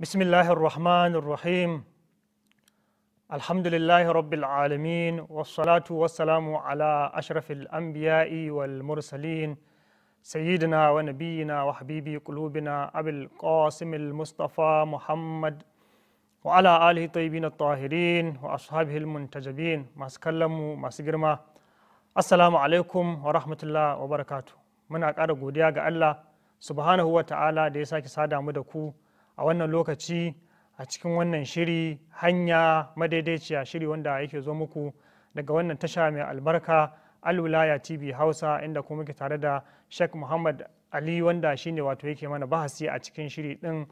بسم الله الرحمن الرحيم الحمد لله رب العالمين والصلاة والسلام على أشرف الأنبياء والمرسلين سيدنا ونبينا وحبيب قلوبنا أبي القاسم المصطفى محمد وعلى آله الطيبين الطاهرين وأصحابه المنتجبين ما سكلموا ما سجرما السلام عليكم ورحمة الله وبركاته من أكاد قوديا الله سبحانه وتعالى ديساك سادة مدكو a wannan lokaci a cikin wannan shiri hanya madaidaiciya shiri wanda yake zo muku daga wannan tasha mai albarka al'ulaya tv hausa inda kuma muke tare da sheikh muhammad ali wanda shine wato yake mana bahasi a cikin shiri din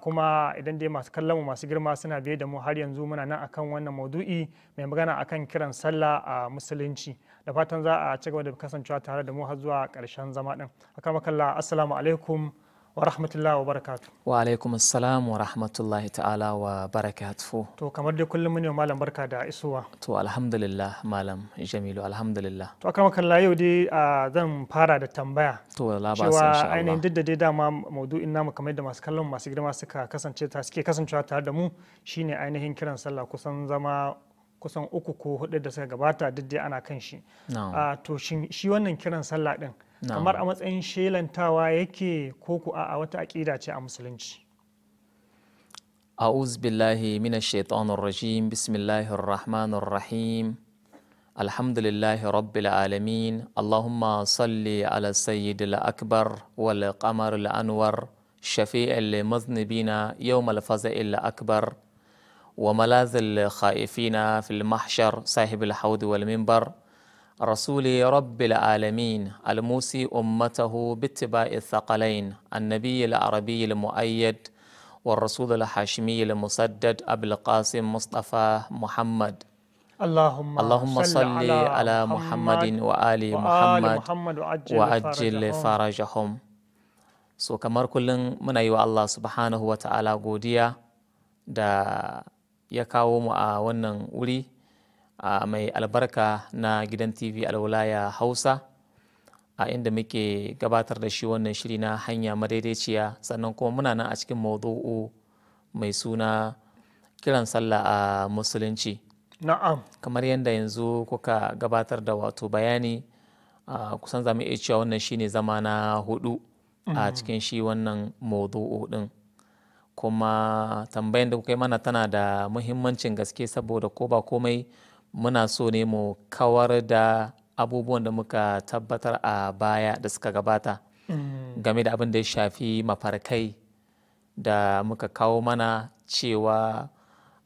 kuma idan dai masu kallon mu masu girma suna biye da mu har yanzu muna nan akan wannan maudu'i mai magana akan kiran sallah a musulunci da fatan za a ci gaba da kasancewa tare da mu har zuwa karshen zama din haka makalla assalamu alaikum wa rahmatullahi wa barakatu wa alaikum assalam wa rahmatullahi ta'ala wa barakatuhu to kamar dai kullum ne malam barka da isuwa to alhamdulillah malam jamilu alhamdulillah to akan makalla yau dai zan fara da tambaya to la ba cewa ainihin duk da dai dama maudu'in namu kamar da masu kallon masu girma suka kasance ta suke kasancewa tare da mu shine ainihin kiran sallah kusan zama kusan uku ko hudu da suka gabata duk dai ana kan shi to shi wannan kiran sallah din kamar a matsayin shelantawa yake ko ku a wata aqida ce a musulunci أعوذ بالله من الشيطان الرجيم بسم الله الرحمن الرحيم الحمد لله رب العالمين اللهم صل على السيد الأكبر والقمر الأنور شفيع المذنبين يوم الفزع الأكبر وملاذ الخائفين في المحشر صاحب الحوض والمنبر رسول رب العالمين الموسي أمته باتباع الثقلين النبي العربي المؤيد والرسول الحاشمي المسدد أبو القاسم مصطفى محمد اللهم, اللهم صل على, على محمد وآل محمد, محمد وعجل فرجهم so kamar kullum muna yi wa Allah subhanahu wa ta'ala godiya da ya kawo mu a wannan wuri A mai albarka na gidan tv alwalaya hausa a inda muke gabatar da shi wannan shiri na hanya madaidaiciya sannan kuma muna nan a cikin maudu'u mai suna kiran sallah a musulunci na'am kamar yadda yanzu kuka gabatar da wato bayani kusan zama iya cewa wannan shine zama na hudu a mm-hmm. cikin shi wannan maudu'u din kuma tambayan da kuka yi mana tana da muhimmancin gaske saboda ko ba komai muna so ne mu kawar da abubuwan da muka tabbatar a baya da suka gabata mm. game da abin da ya shafi mafarkai da muka kawo mana cewa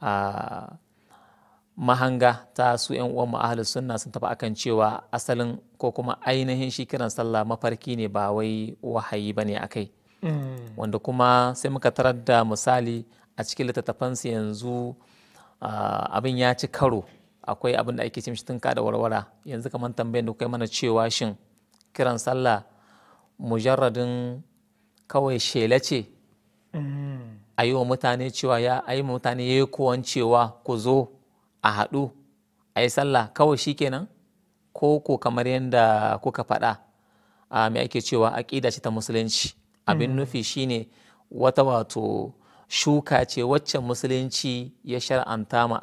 a mahanga ta su yan uwan ahalus sunna sun tafi akan cewa asalin ko kuma ainihin shi kiran sallah mafarki ne ba wai wahayi ba ne a kai mm. wanda kuma sai muka tarar da misali a cikin littattafansu yanzu abin ya ci karo akwai abin da ake ce mishi tunka da warwara yanzu kamar tambayin da kai mana cewa shin kiran sallah mujarradin kawai shela ce mm. a yi wa mutane cewa ya a mutane ya yi kowan cewa ku zo a haɗu a yi sallah kawai shi kenan ko ko kamar yadda kuka faɗa a mai ake cewa aƙida ce ta musulunci abin mm. nufi shine wata wato shuka ce wacce musulunci ya shar'anta ma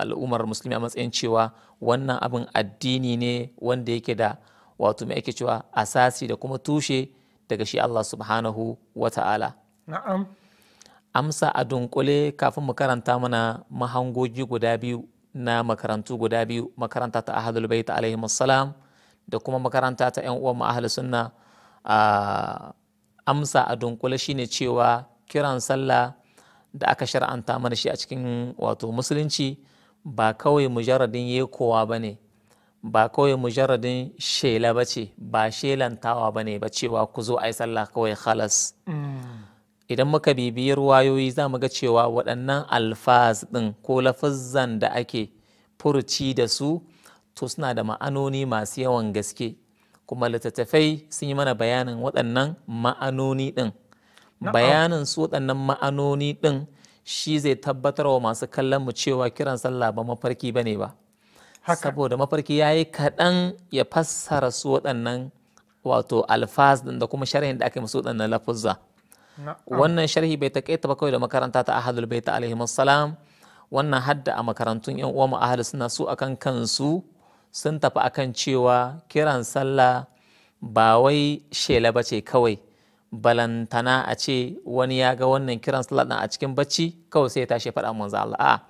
al'ummar musulmi a matsayin cewa wannan abin addini ne wanda yake da wato mai ake cewa asasi da kuma tushe daga shi Allah subhanahu wa ta'ala. Na'am. Amsa a dunkule kafin mu karanta mana mahangogi guda biyu na makarantu guda biyu makaranta ta ahadul bait alaihi salam da kuma makaranta ta yan uwan ahlus sunna ah, amsa a dunkule shine cewa kiran sallah da aka shar'anta mana shi a cikin wato musulunci ba kawai mujarradin yekowa ba ne ba kawai mujarradin shela ba ce ba shelantawa ba ne ba cewa ku zo a yi sallah kawai halas mm. idan muka bibiyi ruwayoyi za mu ga cewa waɗannan alfaz ɗin ko lafazzan da ake furci da su to suna da ma'anoni masu yawan gaske kuma littattafai sun yi mana bayanin waɗannan ma'anoni ɗin bayanin su waɗannan ma'anoni ɗin shi zai tabbatar wa masu kallon mu cewa kiran sallah ba mafarki bane ba saboda mafarki ya yi kaɗan ya fassara su waɗannan wato alfaz da kuma sharhin da aka yi musu waɗannan lafuzza wannan sharhi bai taƙaita ba kawai da makaranta ta ahadul ta alaihi salam wannan hadda a makarantun yan uwa ahadu suna su akan kansu sun tafi akan cewa kiran sallah ba wai shela ba ce kawai balantana a ce wani ya ga wannan kiran sallah a cikin bacci kawai sai ya tashi faɗa manzo Allah a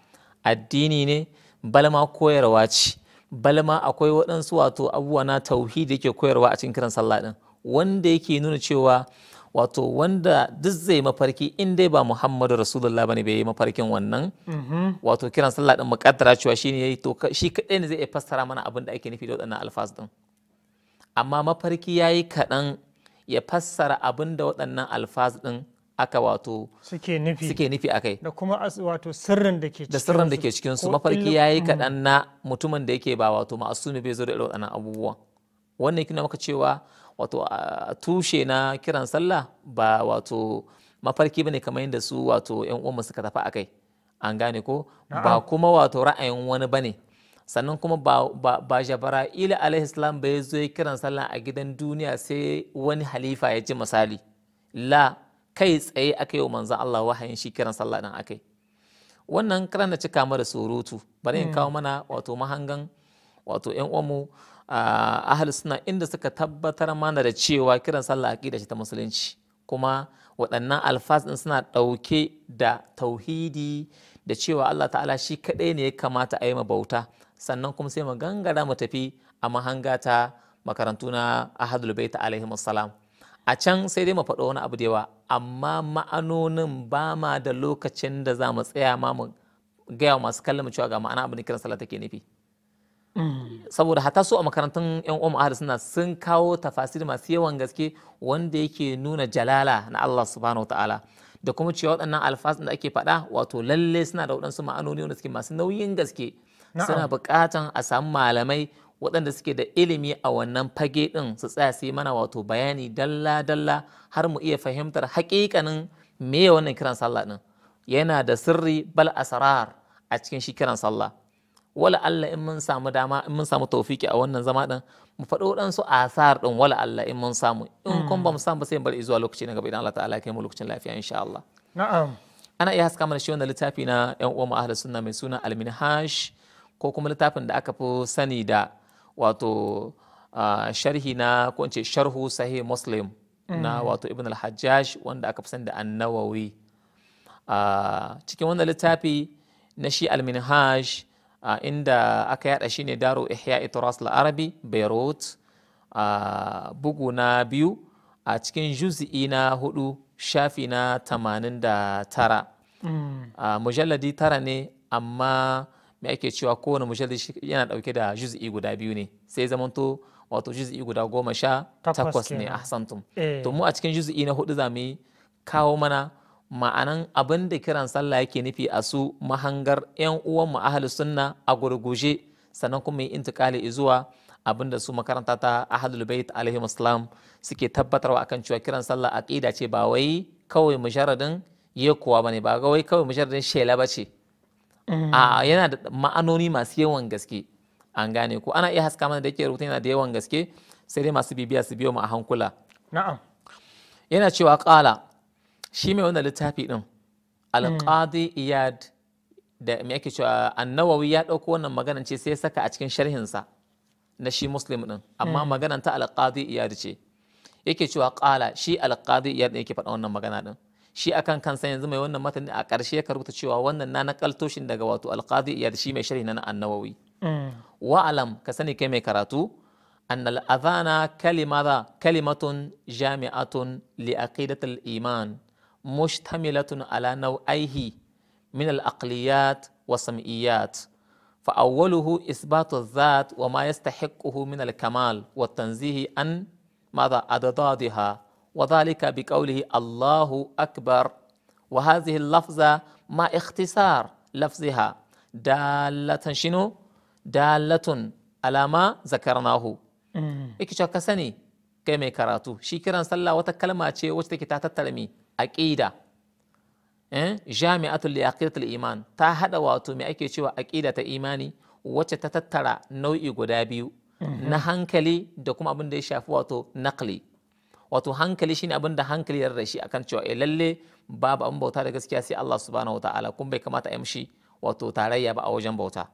addini ne balma koyarwa ce balma akwai waɗansu wato abubuwa na tauhidi yake koyarwa a cikin kiran sallah ɗin wanda yake nuna cewa wato wanda duk zai mafarki in dai ba Muhammadu Rasulullah bane bai yi mafarkin wannan mm-hmm. wato kiran sallah din muƙaddara cewa shine yayi to shi kadai ne zai fassara mana abin da ake nufi da waɗannan alfaz din amma mafarki yayi kaɗan ya fassara abin da waɗannan alfaz ɗin aka wato suke nufi a kai da kuma wato sirrin da ke da sirrin da ke cikin su mafarki yayi mm. kaɗan na mutumin da yake ba wato masu bai zo da irin waɗannan abubuwan wannan yake maka cewa wato tushe na kiran sallah ba wato mafarki bane kamar yadda su wato yan ka suka tafi kai an gane ko ba kuma wato ra'ayin wani bane sannan kuma ba jabara ila alaihissalam ba ya zo ya kiran sallah a gidan duniya sai wani halifa ya ji misali la kai tsaye aka yi wa manzan Allah wahayin shi kiran sallah ɗin akai wannan karan na cika mara surutu bari in kawo hmm. mana wato mahangan wato yan uwanmu ahal suna inda suka tabbatar mana da cewa kiran sallah aqida shi ta musulunci kuma waɗannan alfas ɗin suna ɗauke da tauhidi da cewa Allah ta'ala shi kaɗai ne ya kamata a yi ma bauta sannan kuma sai mu gangara mu tafi a mahanga ta makarantu na ahadul baita alaihi salam a can sai dai mu faɗo wani abu da yawa amma ma'anonin ba ma da lokacin da za mu tsaya ma mu gaya wa masu kallon cewa ga ma'ana abu da kiran salata ke nufi mm. saboda hata su a makarantun yan uwa ahli suna sun kawo tafasir masu yawan gaske wanda yake nuna jalala na Allah subhanahu ta'ala da kuma cewa waɗannan alfasun da ake faɗa wato lalle suna da waɗansu ma'anoni wanda suke masu nauyin gaske suna buƙatan a samu malamai waɗanda suke da ilimi a wannan fage ɗin su tsaya su yi mana wato bayani dalla-dalla har mu iya fahimtar haƙiƙanin me wannan kiran sallah ɗin yana da sirri bal asrar a cikin shi kiran sallah wala Allah in mun samu dama in mun samu taufiki a wannan zama ɗin mu faɗo su asar ɗin wala Allah in mun samu in hmm. kun ba mu samu sai bari zuwa lokaci na gaba idan Allah ta'ala kai mu lokacin lafiya insha Allah na'am ana iya haska mana shi wannan littafi na yan uwa mu ahlus sunna mai suna al-minhaj ko kuma littafin da aka fi sani da wato sharhi na ko sharhu sahih muslim na mm. wato ibn al-hajjaj wanda aka fi sani da annawawi cikin wannan littafi na shi al-minhaj inda aka yada shi ne daro ihya ituras al-arabi beirut bugu na biyu a cikin juzi'i na hudu shafi na tamanin da tara mm. mujalladi tara ne amma me ake cewa kowane mujalladi yana dauke da juz'i guda biyu ne sai zamanto wato juz'i guda goma sha takwas ne ahsantum eh. to mu a cikin juz'i na hudu zamu yi kawo mana ma'anan abin da kiran sallah yake nufi a su mahangar 'yan uwan mu ahli sunna a gurguje sannan kuma yi intikali zuwa abin da su makaranta ta ahlul bait alaihi muslim suke tabbatarwa akan cewa kiran sallah aqida ce ba wai kawai mujarradin yekuwa bane ba ga wai kawai mujarradin shela bace a ah, mm. yana da ma'anoni masu yawan gaske an gane ko ana iya haska mana da yake rubuta yana da yawan gaske sai dai masu bibiya su biyo mu a hankula na'am yana cewa ƙala shi mai wannan littafi din al-qadi mm. iyad da me ake cewa annawawi ya dauko wannan maganar ce sai saka a cikin sharhinsa na shi muslim din amma mm. maganar ta al-qadi iyad ce yake cewa ƙala shi al-qadi iyad ne yake faɗa wannan magana din shi akan kansa yanzu mai wannan matanin a ƙarshe ya rubuta cewa wannan na nakalto daga wato alqadi iyad shi mai sharhi na annawawi wa alam ka sani kai mai karatu annal adhana kalimata kalimatun jami'atun li aqidatil iman mushtamilatun ala nau'aihi min al aqliyat wa sam'iyat فأوله إثبات الذات وما يستحقه من الكمال والتنزيه عن ماذا أضدادها وذلك بقوله الله أكبر وهذه اللفظة ما اختصار لفظها دالة شنو دالة على ما ذكرناه إكشا كسني كما كراتو شكرا صلى وتكلم أشي وشتك تتتلمي أكيدا إيه؟ جامعة لعقيدة الإيمان تا واتو مي أكي شوى أكيدة إيماني وچا تتترى نوعي قدابيو نهانكلي دوكم أبن دي شافواتو نقلي wato hankali shine abin da hankali yarda shi akan cewa eh lalle babu abin bauta da gaskiya sai Allah subhanahu wataala kuma bai kamata a yi mishi wato tarayya ba a wajen bauta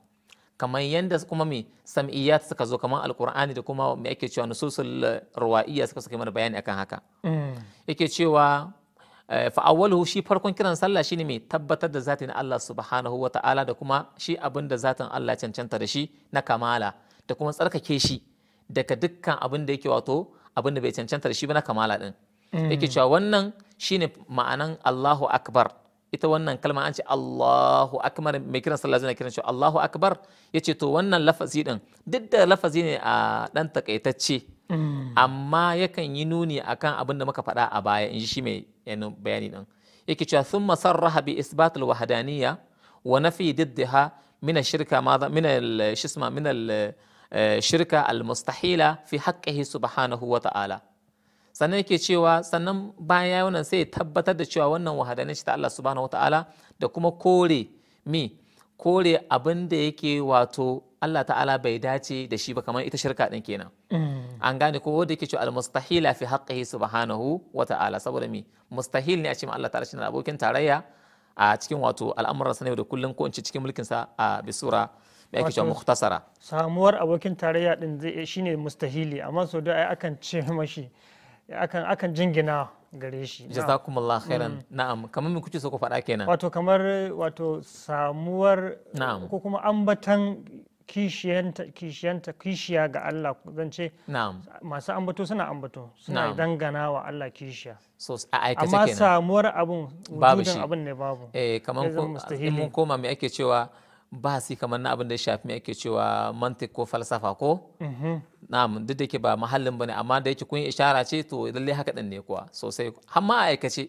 kamar yadda kuma mai sam'iyyat suka zo kamar alkur'ani da kuma me ake cewa nususul ruwa'iyya suka suka mana bayani akan haka mm. yake cewa eh, fa'awwaluhu shi farkon kiran sallah shine mai tabbatar da zatin Allah subhanahu wa ta'ala da kuma shi abin da zatin Allah cancanta da shi na kamala da kuma tsarkake shi daga dukkan abin da yake wato abin da bai cancanta da shi ba na kamala din mm. yake cewa wannan shine ma'anan Allahu akbar ita wannan kalma an ce Allahu akbar mai kiran sallah zai kiran shi Allahu akbar yace to wannan lafazi din duk da lafazi ne a dan takaitacce mm. amma yakan yi nuni akan abin da muka faɗa a baya in shi mai bayani din yake cewa thumma masarraha bi isbatul wahdaniyya wa nafi diddiha min shirka ma min al-shisma min al Eh, shirka almustahila fi haqqihi subhanahu wa ta'ala sannan yake cewa sannan bayan wannan sai tabbatar da cewa wannan wahadanin shi ta Allah subhanahu wa ta'ala da kuma kore mi kore abin da yake wato Allah ta'ala bai dace da shi ba kamar ita shirka din kenan mm. an gane ko wanda yake cewa almustahila fi haqqihi subhanahu wa ta'ala saboda mi mustahil ne a cikin Allah ta'ala shi abokin tarayya a cikin wato al'amuransa ne da kullun ko in ce cikin mulkinsa a bisura me ake cewa mukhtasara samuwar abokin tarayya din shine mustahili amma so da ai akan ce mashi akan akan jingina gare shi jazakumullah khairan mm. na'am kamar me kuke so ku faɗa kenan wato kamar wato samuwar na'am ko kuma ambatan kishiyanta kishiyanta kishiya ga Allah zan ce masu ambato suna ambato suna dangana wa Allah kishiya so a aikace kenan amma samuwar abun wujudin abun ne babu eh kamar mun koma me ake cewa su kamar na abin da ya shafi mai ake cewa mantik ko falsafa ko mm-hmm. na'am duk da ke ba mahallin bane amma da yake kun yi ishara ce to lalle haka din ne kuwa sosai har ma a aikace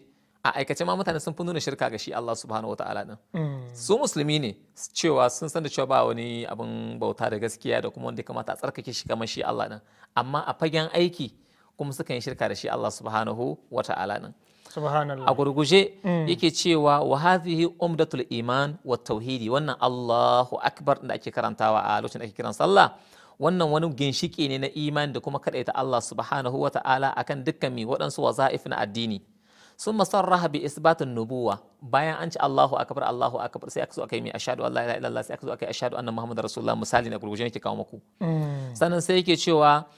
a aikace ma mutane sun fi nuna shirka ga shi Allah subhanahu wataala din mm. su musulmi ne cewa sun san da cewa ba wani abin bauta da gaskiya da kuma wanda kamata a tsarkake shi kamar shi Allah din amma a fagen aiki kuma sukan yi shirka da shi Allah subhanahu wataala din a gurguje hmm. yake cewa wa hadhihi umdatul iman wa tauhidi wannan Allahu akbar da ake karantawa a lokacin da ake kiran sallah wannan wani ginshiki ne na iman da kuma kadaita Allah subhanahu wa ta'ala akan dukkan mi waɗansu waza'if na addini sun masarraha bi isbatin nubuwa bayan an ci Allahu akbar Allahu akbar sai aka zo aka yi mai ashhadu an la ilaha illallah sai aka zo aka yi ashhadu anna muhammadar rasulullah misali na gurguje nake kawo muku hmm. sannan sai yake cewa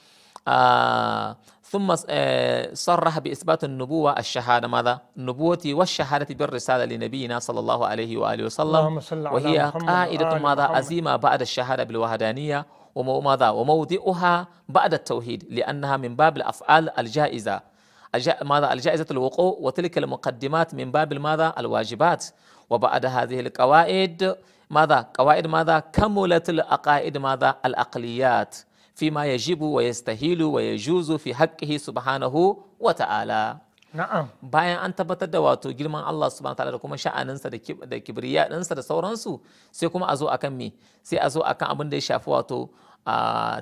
آه، ثم آه، صرح بإثبات النبوة الشهادة ماذا؟ النبوة والشهادة بالرسالة لنبينا صلى الله عليه وآله وسلم وهي قائدة ماذا؟ عزيمة بعد الشهادة بالوحدانية وماذا؟ وموضعها بعد التوحيد لأنها من باب الأفعال الجائزة ماذا؟ الجائزة الوقوع وتلك المقدمات من باب ماذا؟ الواجبات وبعد هذه القواعد ماذا؟ قواعد ماذا؟ كملت الأقائد ماذا؟ الأقليات fima jibu wa yastahilu wa yajuzu fi haqqihi subhanahu wa ta'ala Na'am. Bayan an tabbatar da wato girman Allah subhanahu ta'ala da kuma sha'aninsa da kibriya ɗinsa da sauransu sai kuma a zo akan me sai a zo akan abin da ya shafi wato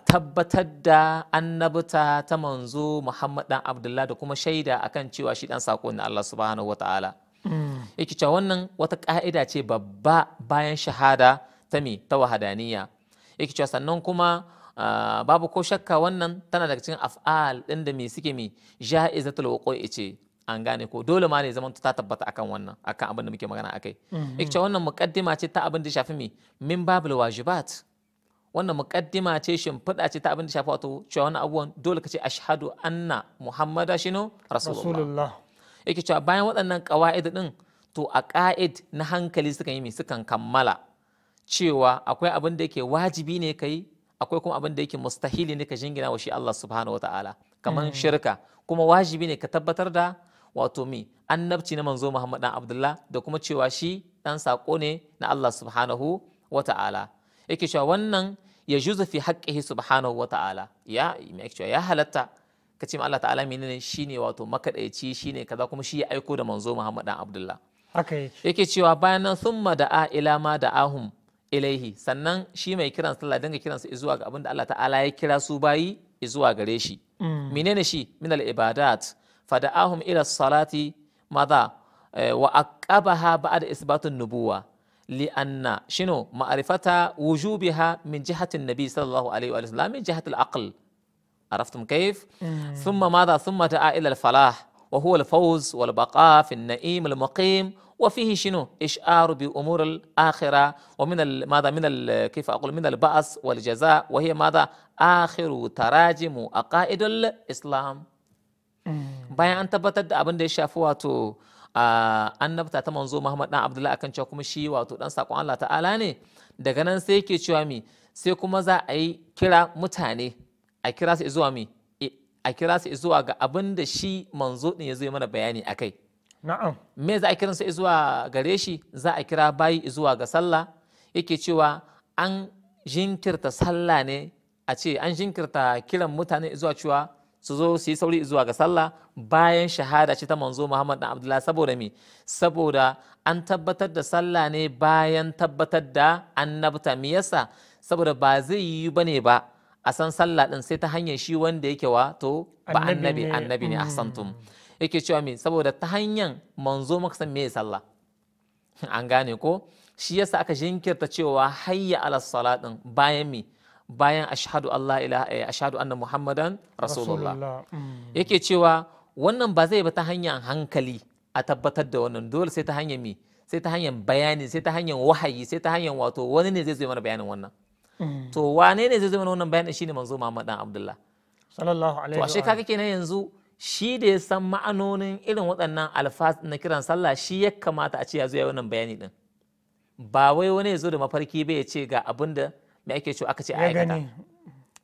tabbatar da annabta ta manzo Muhammad dan Abdullah da kuma shaida akan cewa shi dan sako ne Allah subhanahu wata'ala. Mm. Yake cewa wannan wata ka'ida ce babba bayan shahada ta me ta wahadaniya. Yake cewa sannan kuma Ah, babu ko shakka wannan tana daga cikin af'al ɗin da me suke me ja'izatul wuqu'i ce an gane ko dole ma ne zaman ta tabbata akan wannan akan abin da muke magana akai ita mhm. wannan muqaddima ce ta abin da shafi me min babul wajibat wannan muqaddima ce shimfiɗa ce ta abin da shafi wato cewa wannan abubuwan dole ka ce ashhadu anna muhammada shino rasulullah yake cewa bayan waɗannan ƙawa'id din to a ƙa'id na hankali sukan yi me sukan kammala cewa akwai abin da yake wajibi ne kai akwai kuma abin da yake mustahili ne ka jingina wa shi Allah subhanahu wa ta'ala kamar mm. shirka kuma wajibi ne ka tabbatar da wato mi annabci na manzo Muhammad dan Abdullah da kuma cewa shi dan sako ne na Allah subhanahu wa ta'ala yake cewa wannan ya juzu fi haqqihi subhanahu wa ta'ala ya yake cewa ya halatta ka ce Allah ta'ala menene shine wato makadaici shine kaza kuma shi ya aiko da manzo Muhammad dan Abdullah haka yake cewa bayan nan summa da'a ila ma da'ahum ilaihi sannan shi mai kiran sallah dinga kiran su zuwa ga abin da Allah ta'ala ya kira su bayi zuwa gare shi menene shi min al ibadat fada'ahum ila salati madha wa aqabaha ba'da isbatun nubuwa li'anna shino ma'rifata wujubiha min jihatin nabi sallallahu alaihi wa sallam min jihatil aql عرفتم كيف؟ ثم ماذا؟ ثم دعا إلى الفلاح وهو الفوز والبقاء في النعيم المقيم وفيه شنو اشعار بامور الاخره ومن ال ماذا من ال كيف اقول من البأس والجزاء وهي ماذا اخر تراجم عقائد الاسلام bayan an tabbatar da abin da ya shafi wato annabta ta manzo Muhammad dan Abdullahi akan cewa kuma shi wato dan sakon Allah ta'ala ne daga nan sai yake cewa mi sai kuma za a yi kira mutane a kira su zuwa mi a kira su zuwa ga abin da shi manzo din ya zo mana bayani akai na'am me za a kiransa zuwa gare shi za a kira bayi zuwa ga sallah yake cewa an jinkirta sallah ne a ce an jinkirta kiran mutane zuwa cewa su zo su yi sauri zuwa ga sallah bayan shahada ce ta manzo Muhammad dan Abdullah saboda me saboda an tabbatar da sallah ne bayan tabbatar da annabta me yasa saboda ba zai yi bane ba a san sallah din sai ta hanyar shi wanda yake wa to ba annabi annabi ne mm. ahsantum yake cewa me saboda ta hanyar manzo maka san me sallah an gane ko shi yasa aka jinkirta cewa hayya ala salatin bayan me bayan ashhadu Allah ilaha eh, ashhadu anna muhammadan rasulullah mm. yake cewa wannan ba zai ba ta hanyar hankali a tabbatar da wannan dole sai ta hanyar me sai ta hanyar bayani sai ta hanyar wahayi sai ta hanyar wato wani ne zai zo mana bayanin wannan mm. to wane ne zai zo mana wannan bayanin shine manzo Muhammad Abdullah sallallahu alaihi wa to ashe kaga kenan yanzu shi da ya san ma'anonin irin waɗannan alfas na kiran sallah shi ya kamata a ce ya zo ya wannan bayani din ba wai wani ya zo da mafarki bai ce ga abin da me ake cewa aka ce a aikata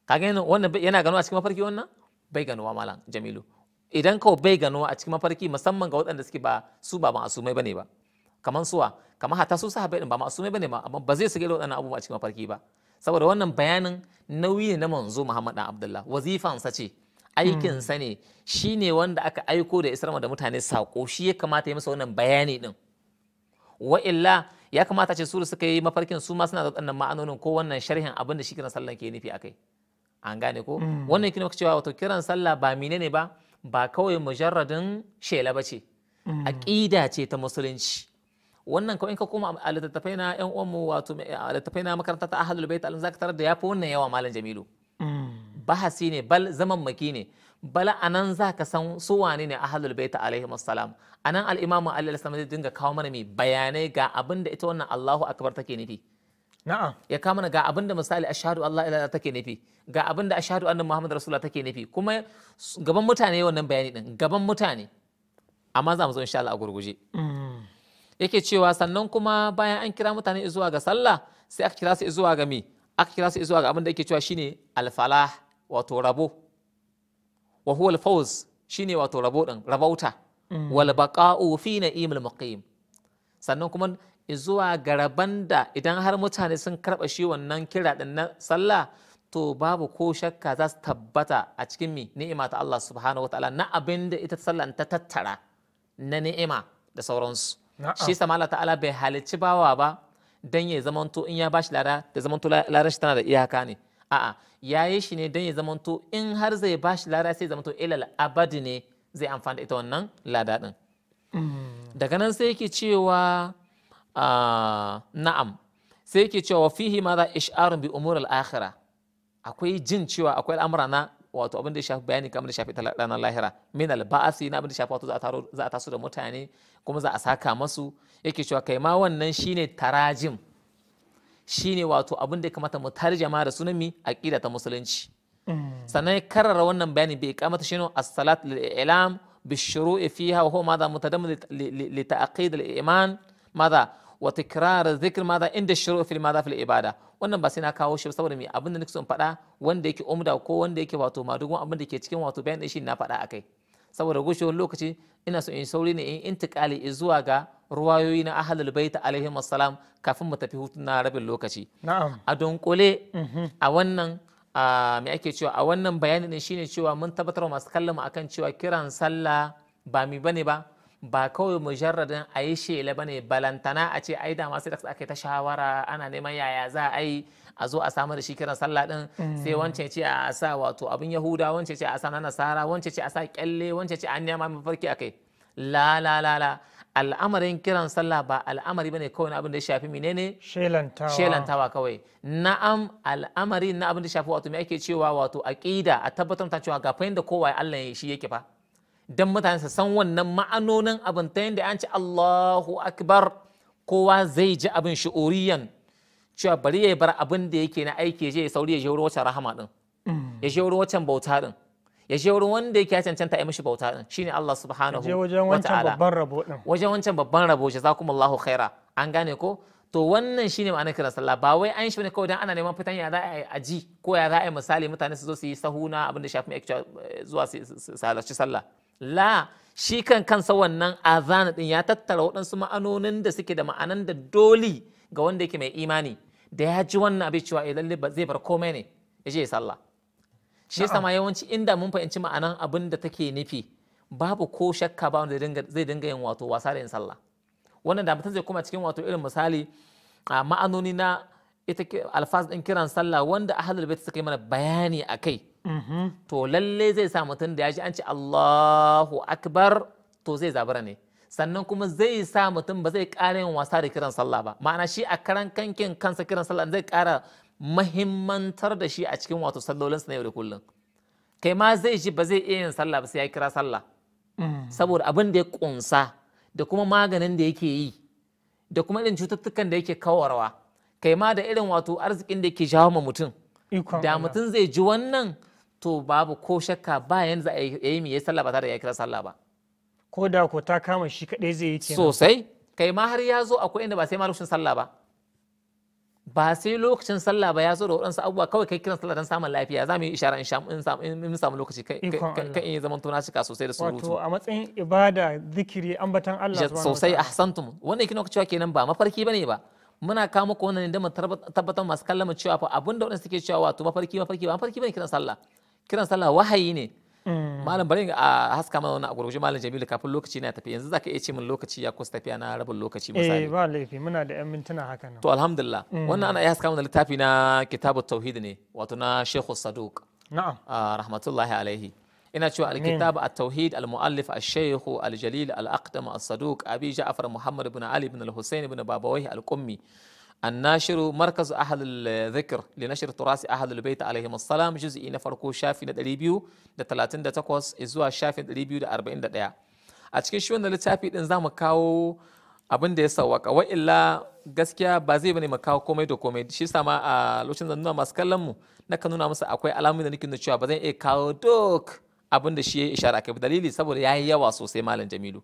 ka gani wannan yana gano a cikin mafarki wannan bai ganuwa malam jamilu idan kawai bai ganuwa a cikin mafarki musamman ga waɗanda suke ba su ba ma'asumai bane ba kamar suwa kamar hata su sahabbai din ba ma'asumai bane ba amma ba zai su gaira waɗannan abubuwa a cikin mafarki ba saboda wannan bayanin nauyi ne na manzo Muhammad dan Abdullahi wazifansa ce aikin hmm. sa ne shi ne wanda aka aiko da isar da mutane saƙo shi ya kamata ya masa wannan bayani din wa illa ya kamata ce suru suka yi mafarkin su ma suna da wannan ma'anonin ko wannan sharhin abin da shi kiran sallah ke nufi akai an gane ko hmm. wannan kina cewa wato kiran sallah ba mine ne ba ba kawai mujarradin shela ba ce hmm. aƙida ce ta musulunci wannan kawai in ka koma a littattafai na yan uwanmu wato a littattafai na makaranta ta ahlul bait al zaka da yafi wannan yawa malam jamilu bahasi ne bal zaman maki ne bala anan za ka san su wane ne ahlul baita alaihi assalam anan al-imamu alaihi assalam zai dinga kawo mana mai bayanai ga abin da ita wannan Allahu akbar take nufi na'am ya kawo mana ga abin da misali ashhadu Allah ilaha take nufi ga abin da ashhadu anna muhammad rasulullah take nufi kuma gaban mutane wannan bayani din gaban mutane amma za mu zo insha Allah a gurguje mm. yake cewa sannan kuma bayan an kira mutane zuwa ga sallah sai aka kira su zuwa ga me aka kira su zuwa ga abin da yake cewa shine al-falah wato rabo wa huwa al-fawz shine wato rabo din rabauta mm. wal baqa'u fi na'imil muqim sannan kuma zuwa ga raban da idan har mutane sun karba shi wannan kira din na sallah to babu ko shakka za su tabbata a cikin mi ni'ima ta Allah subhanahu wataala na abinda da ita sallah ta tattara na ni'ima da sauransu shi sama Allah ta'ala bai halicci bawa ba dan ya zamanto in ya bashi lada da zamanto ladar shi tana da iyaka ne a'a ya yi shi ne don ya to in har zai ba shi lada sai to ilal abadi ne zai amfani da ita wannan lada din mm. daga nan sai yake cewa ah, na'am sai yake cewa fihi ma za ish'arun bi umur al akwai jin cewa akwai al'amura na wato abin da ya shafi bayani kamar da shafi ranar lahira min alba'asi na abin da shafi wato za a taso da mutane kuma za a saka masu yake cewa kai ma wannan shine tarajim shine wato abin da ya kamata mu tarjama da sunan a aqida ta musulunci mm. sannan ya karrara wannan bayanin bai kamata shine as-salat lil-i'lam بالشروع فيها وهو ماذا da iman maza ماذا وتكرار zikir maza inda الشروع في maza في ibada. wannan ba sai na kawo shi saboda me abin da nake son faɗa wanda yake umda ko wanda yake wato madugun abin da ke cikin wato bayan shi na faɗa akai saboda gushewar lokaci ina so in sauri ne in intikali zuwa ga ruwayoyi na ahlul baita alaihim assalam kafin mu tafi hutun na rabin lokaci a donkule mhm. a wannan me ake cewa a wannan bayanin din shine cewa mun tabbatar masu kallon akan cewa kiran sallah ba mi bane ba ba kawai mujarradin a yi shela bane balantana a ce ai da masu da aka ta shawara ana neman yaya za a yi a zo a samu da shi kiran sallah din mm. sai wancan ce a sa wato abin yahuda wancan ce a sa na nasara wancan ce a sa kyalle wancan ce an nema mafarki akai la la la la al'amarin kiran sallah ba al'amari bane kawai na abin da ya shafi menene shelantawa shelantawa kawai na'am al'amari na abin da shafi wato me ake cewa wato aqida a tabbatar ta cewa ga fahimta kowa Allah shi yake fa dan mutane su san wannan ma'anonin abin ta yanda an ce Allahu akbar kowa zai ji abin shi'uriyan cewa bari ya bar abin da yake na aiki ya sauri ya je wurin wacce rahama din mm. ya je wurin wacce bauta din ya je wurin wanda yake ya cancanta ya mishi bauta din shine Allah subhanahu wa wajen wancan babban rabo din wajen wancan babban rabo jazakumullahu khaira an gane ko to wannan shine ma'anar kira sallah ba wai an shi ne kawai dan ana neman fitan ya za a yi aji ko ya za a yi misali mutane su zo su yi sahuna abin da shafi mai eh, zuwa su halarci sallah la shi kan kansa wannan azan din ya tattara wadansu ma'anonin da suke da ma'anan da doli ga wanda yake mai imani da ya ji wannan abin cewa eh lalle zai bar komai ne ya je ya sallah shi yasa ma yawanci inda mun fahimci ma'anan abin da take nufi babu ko shakka ba wanda zai dinga yin wato wasa da yin sallah wannan da mutum zai koma cikin wato irin misali a ma'anoni na ita alfaz din kiran sallah wanda ahlul bait suka yi mana bayani a kai mm-hmm. to lalle zai sa mutum da ya ji an ce Allahu akbar to zai zabura ne sannan kuma zai sa mutum ba zai ƙara yin wasa da kiran sallah ba ma'ana shi a karan kankin kansa kiran sallah zai ƙara mahimmantar da shi a cikin wato sallolinsa na yau da kullum kai ma zai ji ba zai iya yin sallah ba sai ya kira sallah saboda abin da ya kunsa da kuma maganin da yake yi da kuma irin cututtukan da yake kawarwa kai ma da irin wato arzikin da yake jawo ma mutum da mutum zai ji wannan to babu ko shakka ba yanzu a yi mai sallah ba tare da ya kira sallah ba ko da ko ta kama shi kadai zai yi sosai kai ma har ya zo akwai inda ba sai ma lokacin sallah ba ba sai lokacin sallah ba ya zo da waɗansu abubuwa kawai kai kiran sallah don samun lafiya za mu yi ishara in mun samu lokaci kan in zaman tona cika sosai da surutu wato a matsayin ibada zikiri ambatan Allah sosai a ahsantum wannan kina cewa kenan ba mafarki ba ne ba muna kawo muku wannan da mu tabbatar masu kallon mu cewa fa abinda waɗansu suke cewa wato mafarki mafarki ba mafarki ne kiran sallah kiran sallah wahayi ne Mm. malam bari a haska mana wannan a gurguje malam Jamilu kafin lokaci na tafi yanzu zaka iya ce min lokaci ya kusa tafiya na rabin lokaci eh, misali eh ba laifi muna da yan mintuna haka nan to alhamdulillah mm. wannan ana iya haska mana littafi na kitabut tauhid ne wato na Sheikh Saduk. na'am rahmatullahi alaihi ina cewa alkitab at-tauhid al-muallif al-shaykh al-jalil al-aqdam as abi ja'far muhammad ibn ali ibn al-husayn ibn babawayh al-qummi الناشر مركز أهل الذكر لنشر تراث أهل البيت عليهم السلام جزء فرقو شافي ندريبيو دا تلاتين دا تقوص إزوا شافي ندريبيو دا أربعين دا ديا أتكي شو أن لتافي إنزام كاو أبن da ya وإلا wa illa gaskiya ba zai bane makawo komai da komai shi sama a lokacin da nuna masu kallon mu na kan nuna musu akwai alamu da nake nuna cewa ba zan iya kawo duk abin da shi ya ishara ba dalili saboda ya yi yawa sosai malam jamilu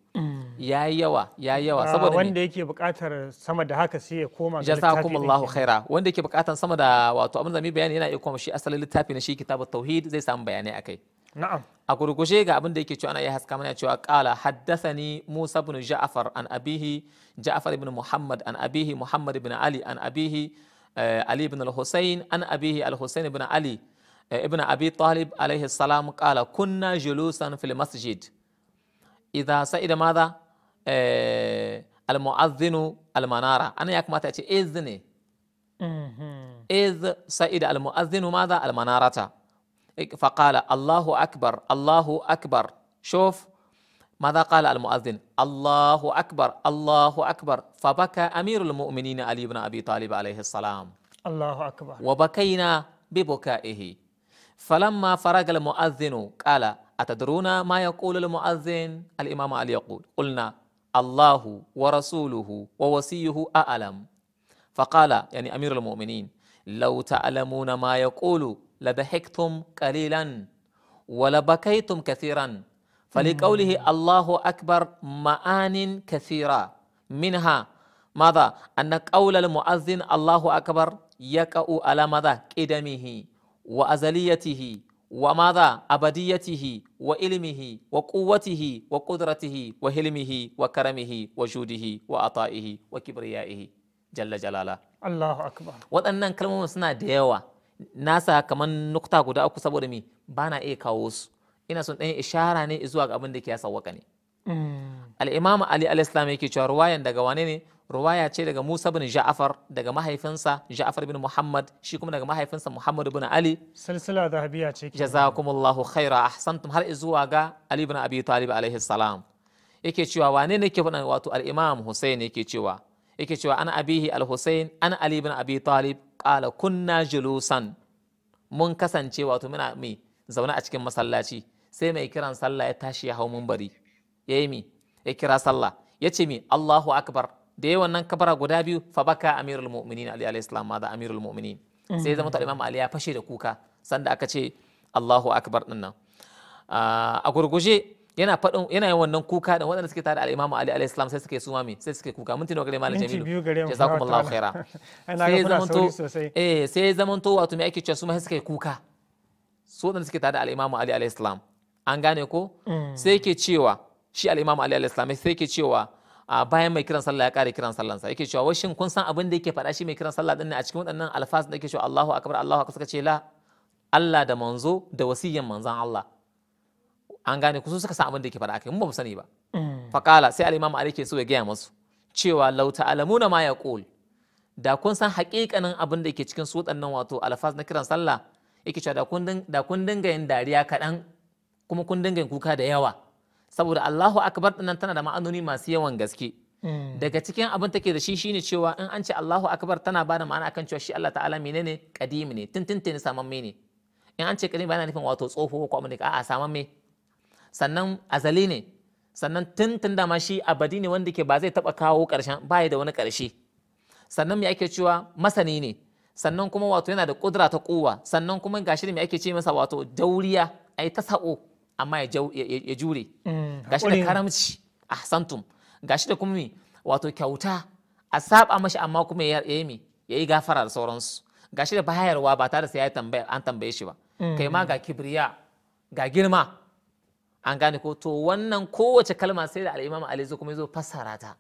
ya yi yawa ya yi yawa saboda wanda yake buƙatar sama da haka sai ya koma ga Allahu khaira wanda yake buƙatar sama da wato abin da mai bayani yana iya koma shi asalin littafi na shi kitabut tauhid zai samu bayanai akai na'am a gurguje ga abin da yake cewa ana iya haska mana cewa qala haddathani Musa ibn Ja'far an abihi Ja'far ibn Muhammad an abihi Muhammad ibn Ali an abihi eh, Ali ibn al-Husayn an abihi al-Husayn ibn Ali eh, ibn Abi Talib alayhi salam qala kunna julusan fil masjid idha sa'ida madha آه، المؤذن المنارة أنا ياك ما تأتي إذني إذ سيد المؤذن ماذا المنارة فقال الله أكبر الله أكبر شوف ماذا قال المؤذن الله أكبر الله أكبر فبكى أمير المؤمنين علي بن أبي طالب عليه السلام الله أكبر وبكينا ببكائه فلما فرغ المؤذن قال أتدرون ما يقول المؤذن الإمام علي يقول قلنا الله ورسوله ووصيه أعلم فقال يعني أمير المؤمنين لو تعلمون ما يقول لضحكتم قليلا ولبكيتم كثيرا فلقوله الله أكبر معان كثيرة منها ماذا أن قول المؤذن الله أكبر يقع على ماذا قدمه وأزليته وماذا أبديته وإلمه وقوته وقدرته وهلمه وكرمه وجوده وعطائه وكبريائه جل جلاله الله أكبر waɗannan kalmomin suna da yawa na sa kamar nukta guda uku saboda me ba na iya kawo su ina son ɗan ishara ne zuwa ga abin da ke ya sawwaka ne al-imam ali al-islam yake cewa ruwayan daga wane ne ruwaya ce daga Musa bin Ja'far daga mahaifinsa Ja'far bin Muhammad shi kuma daga mahaifinsa Muhammad bin Ali silsila zahabiya ce jazakumullahu khaira ahsantum har zuwa ga Ali bin Abi Talib alaihi salam yake cewa wane ne ke faɗa wato al-Imam Hussein yake cewa yake cewa ana abihi al-Hussein ana Ali bin Abi Talib qala kunna julusan mun kasance wato muna mi zaune a cikin masallaci sai mai kiran sallah ya tashi ya hau bari yayi mi ya kira sallah yace mi Allahu akbar da yayi wannan kabara guda biyu fa baka amirul mu'minin ali alayhi salam ma da amirul mu'minin sai zama imam ali ya fashe da kuka sanda aka ce Allahu akbar din nan ah, a gurguje yana fadin, yana yin wannan kuka da waɗanda suke tare da al'imamu ali alayhi salam sai suke suma mi? sai suke kuka minti nawa gare malam jamilu jazakumullahu khaira sai zamanto eh sai zama to wato me ake cewa suma sai suke kuka su waɗanda suke tare da al'imamu ali alayhi salam an gane ko mm. sai ke cewa shi al'imamu ali alayhi salam sai ke cewa bayan mai kiran sallah ya kare kiran sallansa yake cewa wai shin kun san abin da yake faɗa shi mai kiran sallah din ne a cikin waɗannan alfas da yake cewa Allahu akbar Allahu akbar suka ce la Allah da manzo da wasiyyan manzan Allah an gane ku su suka san abin da yake faɗa kai mun ba mu sani ba mm. faqala sai al-imam Ali ke so ya gaya musu cewa law ta'lamuna ma yaqul da kun san haƙiƙanin abin da yake cikin su waɗannan wato alfas na kiran sallah yake cewa da kun dinga yin dariya kaɗan kuma kun dinga yin kuka da yawa saboda Allahu akbar dinnan tana da ma'anoni masu yawan gaske hmm. daga cikin abin take da shi shine cewa in an ce Allahu akbar tana ba da ma'ana akan cewa shi Allah ta'ala menene kadimi ne tuntuntuni samamme ne in an ce kadimi ba yana nufin wato tsoho ko abin a a'a samamme sannan azali ne sannan da ma shi abadi ne wanda ke ba zai taba kawo karshen baya da wani karshe sannan me ake cewa masani ne sannan kuma wato yana da kudura ta kowa sannan kuma gashi me ake ce masa wato dauriya ai ta sa'o amma ya jure mm. ga shi da karamci a ga shi da kuma wato kyauta a saba mashi amma kuma ya yi me ya yi gafara da sauransu shi da bayarwa ba tare da sai an tambaye shi ba mm. kai ma ga kibriya ga girma an gane ko to wannan kowace kalma sai da al'imam ali zo kuma zo fassara ta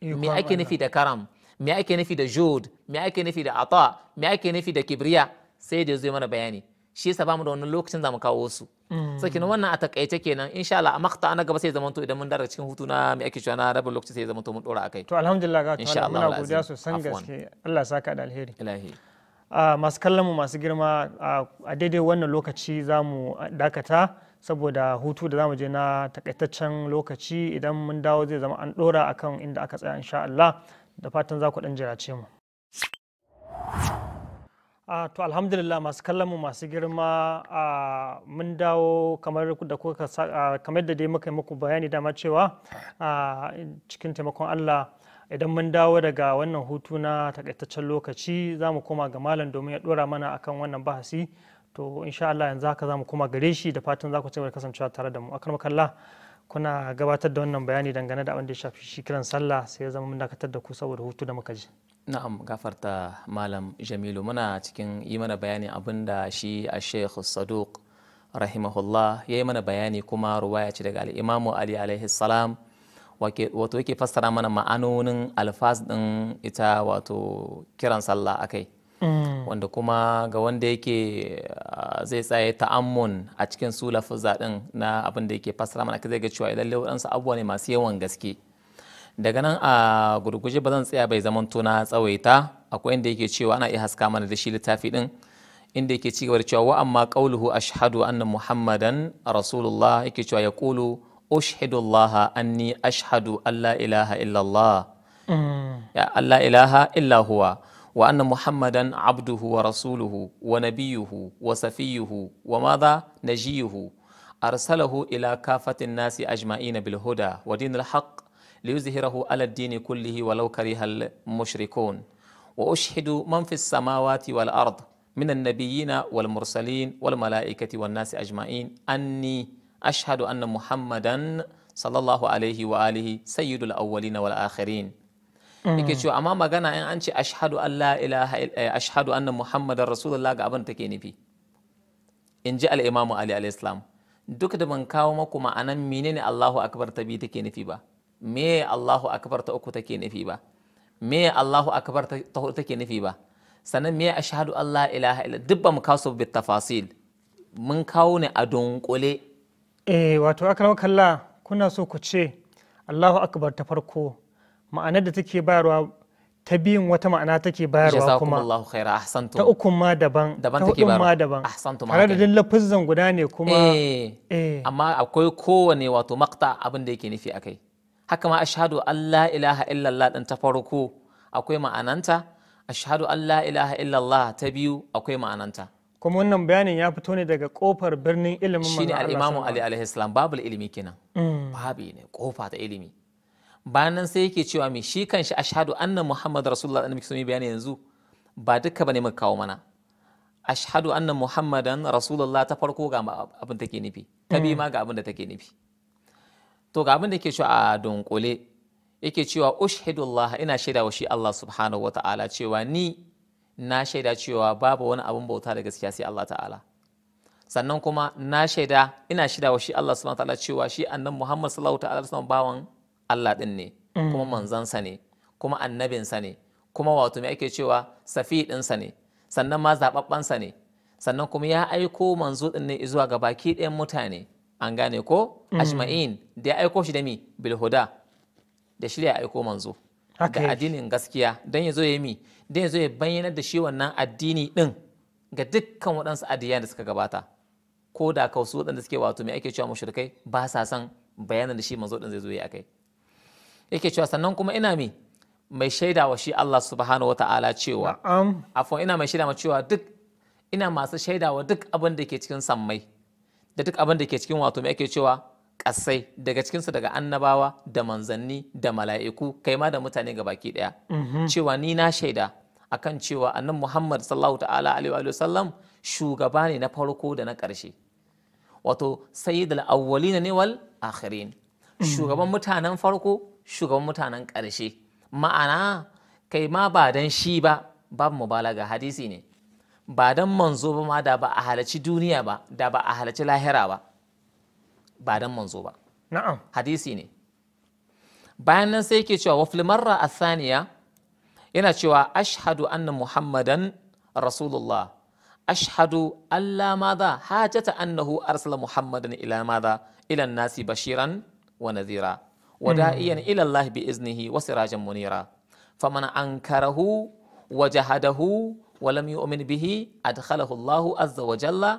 me ake nufi da karam me ake nufi da jod me ake nufi da ata me ake nufi da kibriya sai da zo mana bayani shi yasa mu da wannan lokacin za mu kawo su so wannan a takaice kenan insha Allah a makta na gaba sai zamanto idan mun dara cikin hutu na mai ake cewa na rabin lokaci sai zamanto mun dora akai to alhamdulillah ga insha Allah muna godiya sosan gaske Allah saka da alheri ilahi ah, masu kallon mu masu girma ah, a daidai wannan lokaci zamu dakata saboda hutu da zamu je na takaitaccen lokaci idan mun dawo zai zama an dora akan inda aka tsaya insha Allah da fatan za ku dan jirace mu a ah, to alhamdulillah masu kallonmu mu masu girma uh, mun dawo kamar da kuka ah, kamar da dai muka yi muku bayani dama cewa cikin taimakon Allah idan mun dawo daga wannan hutu na takaitaccen lokaci za mu koma ga malam domin ya dora mana akan wannan bahasi to insha Allah yanzu haka za mu koma gare shi da fatan za ku ci kasancewa tare da mu akan makalla kuna gabatar da wannan bayani dangane da abin da ya shafi shi kiran sallah sai ya zama mun dakatar da ku saboda hutu da muka ji. Na'am gafarta Malam Jamilu muna cikin yi mana bayani abinda shi a Sheikh saduk rahimahullah ya yi mana bayani kuma ruwaya ce daga al'imamu Ali alaihi salam wato yake fassara mana ma'anonin alfaz din ita wato kiran sallah akai mm. wanda kuma ga wanda yake ah, zai tsaye ta'ammun a cikin su lafuzza din na abin yake fassara mana zai ga cewa idan waɗansu abubuwa ne masu yawan gaske. daga nan a gurguje ba zan tsaya bai zaman na tsawaita akwai inda yake cewa ana iya haska mana da shi littafi din inda yake cigaba da cewa wa amma qauluhu ashhadu anna muhammadan rasulullah yake cewa yaqulu ushhidu allaha anni ashhadu an ilaha illa allah mm. ya allah ilaha illa huwa wa anna muhammadan abduhu wa rasuluhu wa nabiyuhu wa safiyuhu wa madha najiyuhu arsalahu ila kafatin nasi ajma'ina bil huda wa dinil haqq ليظهره على الدين كله ولو كره المشركون وأشهد من في السماوات والأرض من النبيين والمرسلين والملائكة والناس أجمعين أني أشهد أن محمدا صلى الله عليه وآله سيد الأولين والآخرين yake cewa amma magana in an ce ashhadu Allah ilaha ashhadu anna muhammadar rasulullah ga abin take nufi in ji al-imamu ali alayhi salam duk da ban kawo maku ma'anan menene Allahu akbar tabi take nufi ba me Allahu akbar ta uku take nufi ba me Allahu akbar ta hudu take nufi ba sannan me ashhadu Allah ilaha illa duk ba mu kawo bit tafasil mun kawo ne a dunkule eh wato akalama kalla kuna so ku ce Allahu akbar ta farko ma'anar da take bayarwa ta biyun wata ma'ana take bayarwa kuma Allahu khaira ahsantum ta uku ma daban daban take bayarwa ma daban ahsantum tare da dillal fuzzan guda ne kuma eh, eh amma akwai kowane wato maqta abin da yake nufi akai haka ma ashadu Allah ilaha illallah ɗin ta farko akwai ma'ananta ashadu Allah ilaha illallah ta biyu akwai ma'ananta kuma wannan bayanin ya fito ne daga kofar birnin ilimin shi ne al'imamu ali alaihi salam babul ilimi kenan hmm. babi ne kofa ta ilimi bayan nan sai yake cewa mai shi kanshi ashadu anna muhammad rasulullah annabi sun yi bayani yanzu ba duka bane muka kawo mana ashadu anna muhammadan rasulullah ta farko ga abin take nufi ta bi ma ga abin da take nufi to ga abin da yake cewa a dunkule yake cewa ushhidullah ina shaida wa shi Allah subhanahu wata'ala cewa ni na shaida cewa babu wani abin bauta da gaskiya sai Allah ta'ala sannan kuma na shaida ina shaida wa shi Allah subhanahu wata'ala cewa shi annan Muhammad sallallahu ta'ala alaihi bawan Allah din ne mm. kuma manzansa ne kuma annabinsa ne kuma wato me ake cewa safi ɗinsa ne sannan ma sa ne sannan kuma ya aiko manzo ɗin ne zuwa ga baki ɗayan mutane an gane ko mm. ashma'in da ya aiko shi da mi bilhuda da shirya aiko manzo da addinin gaskiya don ya zo ya mi don ya zo ya bayyanar da shi wannan addini din ga dukkan waɗansu addiyan da suka gabata ko da su waɗanda suke wato mai ake cewa mushrikai ba sa son bayanan da shi manzo din zai zo ya akai yake cewa sannan kuma ina mi mai shaida wa shi Allah subhanahu wa ta'ala cewa afon ina mai shaida ma cewa duk ina masu shaida wa duk abin da ke cikin sammai da duk abin da ke cikin wato mai ake cewa kasai daga cikinsu daga annabawa da manzanni da mala'iku kai ma da mutane ga baki daya mhm. cewa ni na shaida akan cewa annan muhammad sallallahu ta'ala alaihi wa sallam shugaba ne na farko da na ƙarshe wato sayyidul awwalina ne wal akhirin mhm. shugaban mutanen farko shugaban mutanen ƙarshe ma'ana kai ma ba dan shi ba babu mubalaga hadisi ne ba don manzo ba ma da ba a halarci duniya ba da ba a halarci lahira ba ba don manzo ba na'am hadisi ne bayan nan sai yake cewa wafil marra athaniya yana cewa ashhadu anna muhammadan rasulullah ashhadu alla maza hajata annahu arsala muhammadan ila madha ila nasi bashiran wa nazira. nadhira ودائيا إلى hmm. munira. Fa وسراجا an karahu wa jahadahu wa lam yu'min bihi adkhalahu Allahu azza wa jalla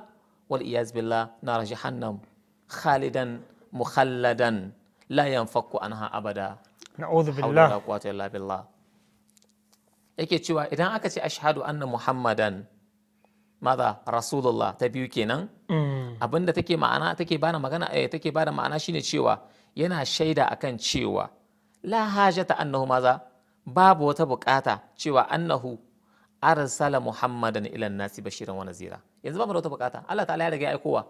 wal iyaz billah nar jahannam khalidan mukhalladan la yanfaku anha abada na'udhu billah la yake cewa idan aka ce ashhadu anna muhammadan maza rasulullah ta biyu kenan abinda take ma'ana take bada magana eh take bada ma'ana shine cewa yana shaida akan cewa la hajata annahu maza babu wata bukata cewa annahu arsala muhammadan ila nasi bashiran wa nazira yanzu ba mu da wata bukata Allah ta'ala ya riga ya aikowa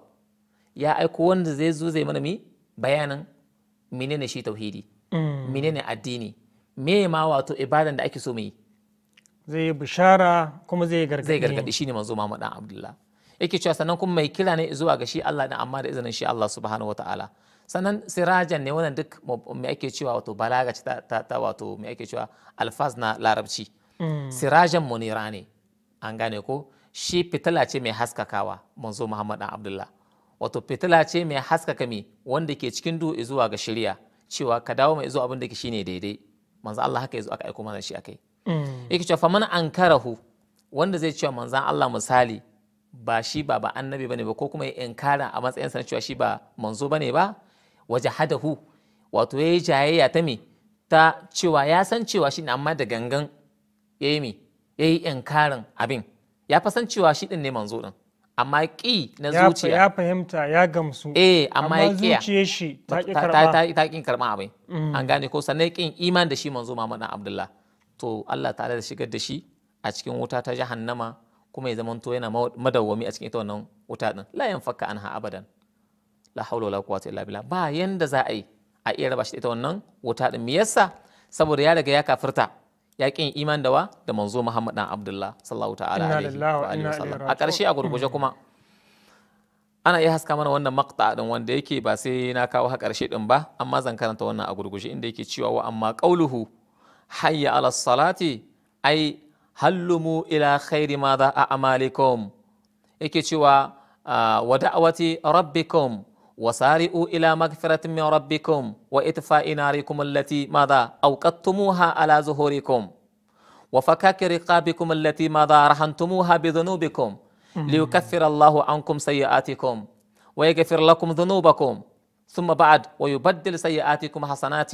ya aiko wanda zai zo zai mana mi bayanin menene shi tauhidi mm. menene addini me ma wato ibadan da ake so mu yi zai bishara kuma zai gargadi zai gargadi shine manzo Muhammad dan Abdullah yake cewa sannan kuma mai kira ne zuwa ga shi Allah dan amma da izinin shi Allah subhanahu wataala sannan sirajan ne wannan duk me ake cewa wato balaga ta wato me ake cewa alfaz na larabci Mm. sirajan munira ne an gane ko shi fitila ce mai haskakawa manzo muhammad dan abdullah wato fitila ce mai haskaka mi wanda ke cikin duhu zuwa ga shirya cewa ka dawo mai zuwa abin da ke shine daidai manzo Allah haka yazo aka aiko mana shi akai mm. yake cewa faman ankarahu wanda zai cewa manzan Allah misali ba shi ba ba annabi bane ba ko kuma ya inkara a matsayin sa cewa shi ba manzo bane ba waje wato yayi jayayya ta mi ta cewa ya san cewa shine amma da gangan ya yi mi ya yi karin abin ya fasan cewa shi din ne manzo din amma ƙi na zuciya ya fahimta ya gamsu eh, amma ya ƙiya shi ta ƙi karɓa abin mm. an gane ko sannan ƙin iman da shi manzo ma a Abdullah to Allah ta da shigar da shi a cikin wuta ta jahannama kuma ya zamanto yana madawwami a cikin ita wannan wuta din la an anha abadan la haula wala quwwata illa billah ba yanda za a yi a iya raba shi ita wannan wuta din me yasa saboda ya riga ya kafirta Yakin ƙin iman da wa da manzo Muhammad dan Abdullah sallallahu ta'ala alaihi wa alihi a ƙarshe a gurguje kuma ana iya haska mana wannan maqta din wanda yake ba sai na kawo ha ƙarshe din ba amma zan karanta wannan a gurguje inda yake cewa wa amma qauluhu hayya ala salati ai hallumu ila khairi ma a amalikum yake cewa ah, wa da'awati rabbikum وسارئوا إلى مغفرة من ربكم وإطفاء ناركم التي ماذا أوقدتموها على ظهوركم وفكاك رقابكم التي ماذا رهنتموها بذنوبكم ليكفر الله عنكم سيئاتكم ويغفر لكم ذنوبكم ثم بعد ويبدل سيئاتكم حسنات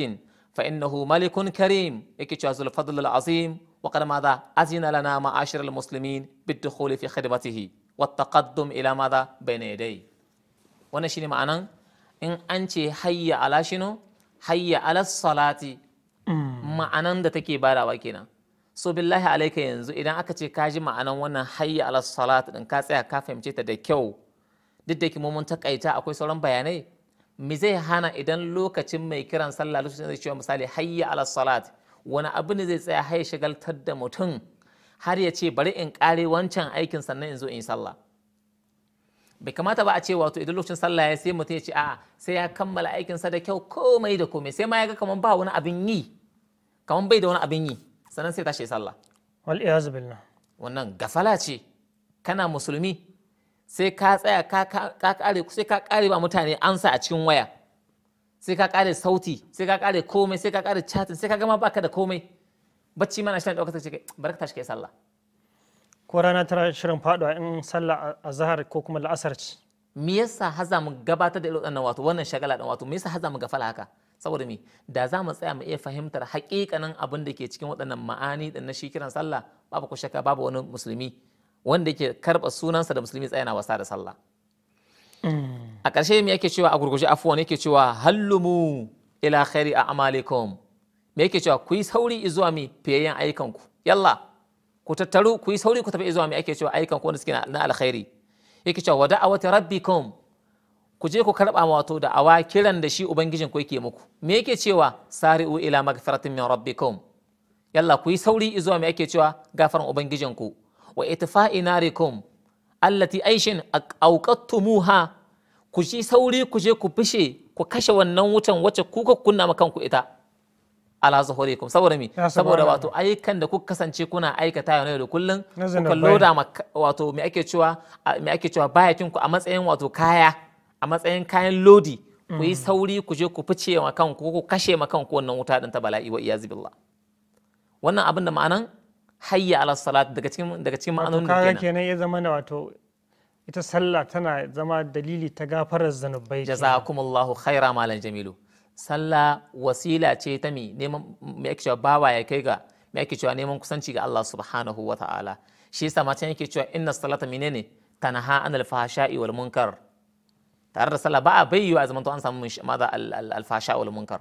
فإنه ملك كريم إكتشاز الفضل العظيم وقد ماذا أزن لنا معاشر المسلمين بالدخول في خدمته والتقدم إلى ماذا بين يديه wannan shine ma'anan in an ce hayya ala shino hayya ala salati mm. ma'anan da take badawa kenan so billahi alaika yanzu idan aka ce ka ji ma'anan wannan hayya ala salati din ka tsaya ka fahimce ta da kyau duk da ke mun takaita akwai sauran bayanai me zai hana idan lokacin mai kiran sallah lokacin zai cewa misali hayya ala salat wani abu ne zai tsaya haya shagaltar da mutum har ya ce bari in kare wancan aikin sannan in zo in yi sallah bai kamata ba a ce wato idan lokacin sallah ya sai mutum ya ce a'a sai ya kammala aikinsa da kyau komai da komai sai ma ya ga kaman ba wani abin yi kaman bai da wani abin yi sannan sai tashi sallah wal iyazu billah wannan gafala ce kana musulmi sai ka tsaya ka kare sai ka kare ba mutane ansa a cikin waya sai ka kare sauti sai ka kare komai sai ka kare chatin sai ka gama baka da komai bacci mana shi ne ɗaukar sai bari ka tashi kai sallah ko rana tana shirin faduwa in sallah a zahar ko kuma la'asar ce me yasa haza mu gabatar da dan wato wannan shagala dan wato me yasa haza mu gafala haka saboda me da za mu tsaya mu iya fahimtar hakikanin abin da ke cikin waɗannan ma'ani da na shi kiran sallah babu ko shakka babu wani musulmi wanda ke karɓa sunansa da musulmi tsaya na wasa da sallah hmm. a ƙarshe me yake cewa a gurguje afuwan yake cewa hallumu ila khairi a amalikum me yake cewa ku yi sauri zuwa mi yin ayyukanku yalla ku tattaru ku yi sauri ku tafi zuwa mai ake cewa ayyukan kuwa suke na alkhairi yake cewa rabbi rabbikum ku je ku karba wato da awa kiran da shi ubangijin ku yake muku me yake cewa sari'u ila magfiratin min rabbikum yalla ku yi sauri zuwa mai ake cewa gafaran ubangijin ku wa itfa'i narikum allati aishin awqattumuha ku ji sauri ku je ku bishe ku kashe wannan wutan wacce kuka kunna ma kanku ita ala zuhurikum saboda me saboda wato ayyukan da kuka kasance kuna aikata yau da kullun kuka loda wato me ake cewa me ake cewa bayakin ku a matsayin wato kaya a matsayin kayan lodi ku yi mm. sauri ku je ku fice ma kanku ku kashe ma kanku wannan wuta din ta bala'i wa iyaz billah wannan abin da ma'anan hayya ala salat daga cikin daga cikin ma'anonin da kenan kenan ya zama na wato ita sallah tana zama dalili ta gafarar zanubai jazakumullahu khaira malam jamilu sallah wasila ce ta mi neman mai cewa bawa ya kai ga mai ake cewa neman kusanci ga Allah subhanahu wa ta'ala shi yasa mace yake cewa inna salata menene tanaha anil fahsha'i wal munkar tare da sallah ba a bayyana zaman to an samu maza al wal munkar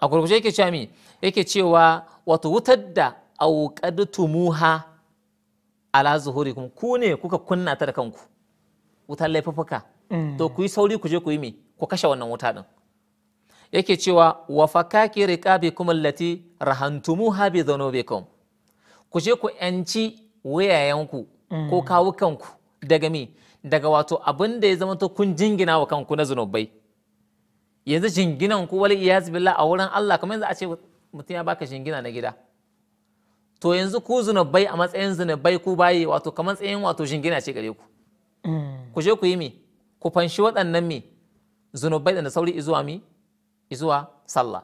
a gurguje yake cewa mi yake cewa wato wutar da auqadtumuha ala zuhurikum ku ne kuka kunna ta da kanku wutar laifuka mm. to ku yi sauri ku je ku yi mi ku kashe wannan wuta din yake cewa wa fakaki riqabikum allati rahantumuha bi dhunubikum ku je ku yanci wayayanku mm. ko kawukanku daga mi daga wato abin da ya zama to kun jingina wa kanku na zunubai yanzu jinginan ku wali iya zubila a wurin Allah kamar yanzu a ce mutum ya baka jingina na gida to yanzu ku zunubai a matsayin zunubai ku bayi wato kamar matsayin wato jingina ce gare ku mm. ku je ku yi mi ku fanshi waɗannan mi zunubai da sauri izuwa mi zuwa sallah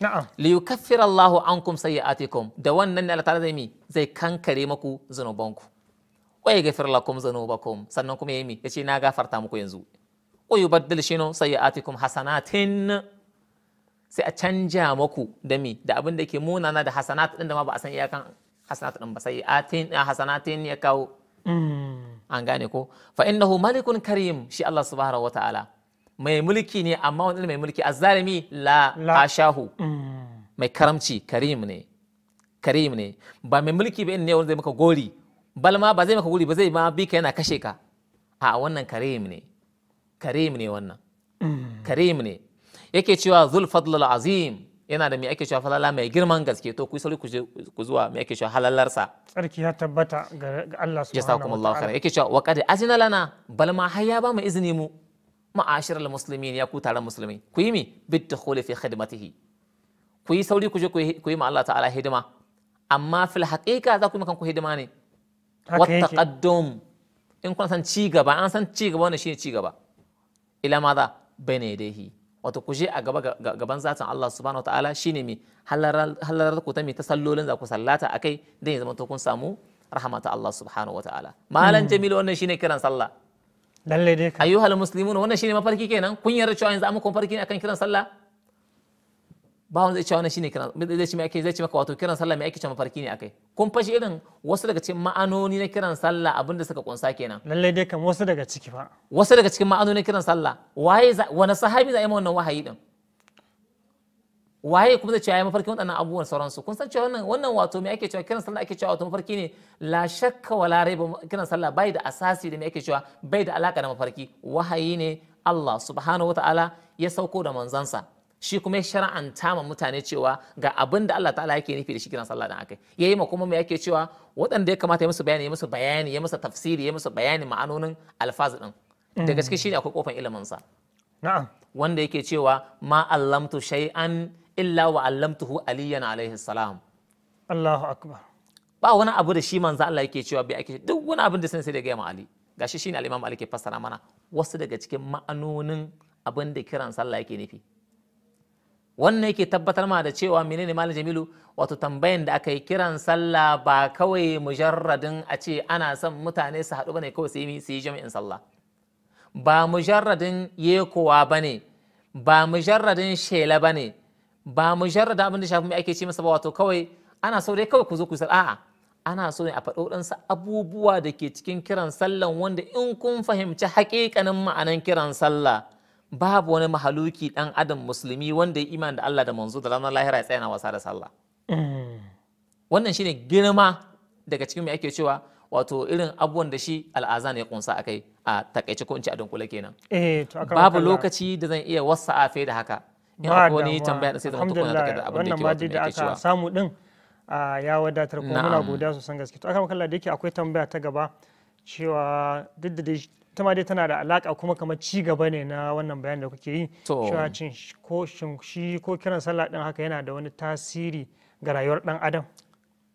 na'am li yukaffira Allahu ankum sayyi'atikum da wannan ne Allah ta'ala zai mi zai kankare maku zanubanku wa yaghfir lakum zanubakum sannan kuma yayi mi yace na gafarta muku yanzu wa yubaddil shino sayyi'atikum hasanatin sai a canja maku da mi da abin da ke munana da hasanat din da ma ba a san iyakan hasanat din ba sayyi'atin hasanatin ya kawo mm. an gane ko fa innahu malikun karim shi Allah subhanahu wataala mai mulki ne amma wani mai mulki a zalimi la ashahu mm. mai karamci karim ne karim ne ba mai mulki ba ne wanda zai maka gori balma ba zai maka gori ba zai ma bi ka yana kashe ka a wannan karim ne karim ne wannan mm. karim ne yake cewa zul al azim yana da mai ake cewa falala mai girman gaske to ku sauri ku zuwa mai ake cewa halalarsa tsarki ya tabbata ga Allah subhanahu wa ta'ala yake cewa wa qad azina lana balma har ya ba mu izini mu ma'ashiral muslimin ya ku taron musulmi ku yi mi bid dukhuli fi khidmatihi ku yi sauri ku je ku yi ma Allah ta'ala hidima amma fil haqiqa za ku yi kanku hidima ne wattaqaddum in kuna san ci gaba an san ci gaba wannan shine ci gaba ila ma za bayna yadayhi wato ku je a gaba gaban zatin Allah subhanahu wataala shine mi halalar ku ta mi ta sallolin za ku sallata akai dan ya zama to kun samu rahmata Allah subhanahu wataala malam jamilu wannan shine kiran sallah lalle dai ka ayyuhal muslimun wannan shine mafarki kenan kun yarda cewa yanzu amma muku farki ne akan kiran sallah ba wanda zai cewa wannan shine kiran zai ce ake zai ce maka wato kiran sallah mai ake cewa mafarki ne akai kun fashi irin wasu daga cikin ma'anoni na kiran sallah abinda suka kunsa kenan lalle dai kam wasu daga ciki fa wasu daga cikin ma'anoni na kiran sallah waye wani sahabi za a yi wannan wahayi din waye kuma zai cewa ya mafarki waɗannan abubuwan sauransu kun san cewa wannan wannan wato me ake cewa kiran sallah ake cewa wato mafarki ne la shakka wala raiba kiran sallah bai da asasi da me ake cewa bai da alaka da mafarki wahayi ne Allah subhanahu wataala ya sauko da manzansa shi kuma ya shar'anta ma mutane cewa ga abin da Allah ta'ala yake nufi da shi kiran sallah yi. akai yayi ma kuma me yake cewa waɗanda ya kamata ya musu bayani ya musu bayani ya musu tafsiri ya musu bayani ma'anonin alfaz din daga cikin shi ne akwai kofan ilimin sa na'am wanda yake cewa ma allamtu shay'an illa wa allamtuhu aliyan alaihi salam Allahu akbar ba wani abu da shi manzo Allah yake cewa bai ake duk wani abin da sun sai da gaya ma Ali gashi shine al-Imam Ali ke fassara mana wasu daga cikin ma'anonin abin da kiran sallah yake nufi wannan yake tabbatar ma da cewa menene malam Jamilu wato tambayan da aka yi kiran sallah ba kawai mujarradin a ce ana son mutane su haɗu bane kawai su yi su yi jami'in sallah ba mujarradin yekowa bane ba mujarradin shela bane ba mu jarrada abin da shafi mai ake ce masa ba wato kawai ana so dai kawai ku zo ku sal a'a ana so ne a faɗo ɗansa abubuwa da ke cikin kiran sallan wanda in kun fahimci haƙiƙanin ma'anan kiran sallah babu wani mahaluki ɗan adam musulmi wanda ya iman da Allah da manzo da ranar lahira ya tsaya na wasa da sallah wannan shine girma daga cikin mai ake cewa wato irin abubuwan da shi al'azan ya kunsa akai a takaice ko in ci a dunkule kenan eh, babu lokaci da zan iya wasa a da haka in wani tambaya da sai zama tukuna da kada abin da aka samu din ya wadatar kuma muna godiya sosan gaske to aka makalla da yake akwai tambaya ta gaba cewa duk da ita ma dai tana da alaka kuma kamar ci gaba ne na wannan bayan da kuke yi cewa cin ko shi ko kiran sallah din haka yana da wani tasiri ga rayuwar dan adam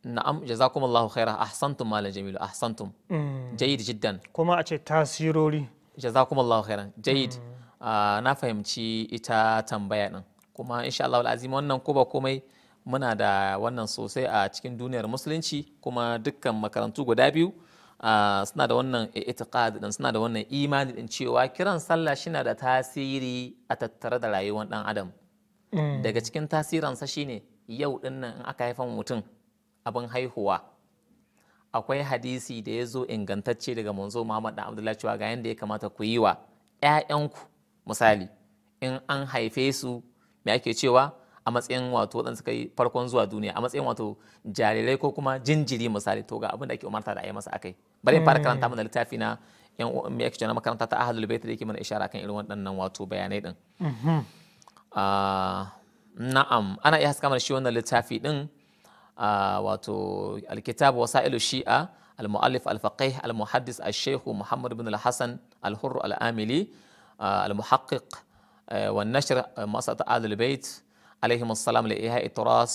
na'am jazakumullahu khaira ahsantum malam jamilu ahsantum mm. jayyid jiddan kuma a ce tasirori jazakumullahu khairan jayyid mm. Ah, na fahimci ita tambaya din kuma insha Allah azim wannan ko ba komai muna da wannan sosai a cikin duniyar musulunci kuma dukkan makarantu guda biyu ah, suna da wannan itiqad din suna da wannan imani din cewa kiran sallah shina da tasiri a tattare da rayuwar dan adam mm. daga cikin tasiransa shine yau dinnan in aka haifa mutum abin haihuwa akwai hadisi da ya zo ingantacce daga manzo Muhammad da Abdullahi cewa ga yanda ya kamata ku yi wa 'ya'yanku misali in an haife su me ake cewa a matsayin wato waɗanda suka yi farkon zuwa duniya a matsayin wato jarirai ko kuma jinjiri misali to ga abin da ake umarta da a yi masa akai bari fara hmm. karanta mana littafi na yan me ake cewa makaranta ta ahlul bait da yake mana ishara kan irin waɗannan wato bayanai din mm-hmm. ah, na'am ana iya haska mana shi wannan littafi din ah, wato alkitab wasailu shi'a المؤلف الفقيه المحدث الشيخ محمد بن الحسن الحر الآملي المحقق والنشر مؤسسة آل البيت عليهم السلام لإيهاء a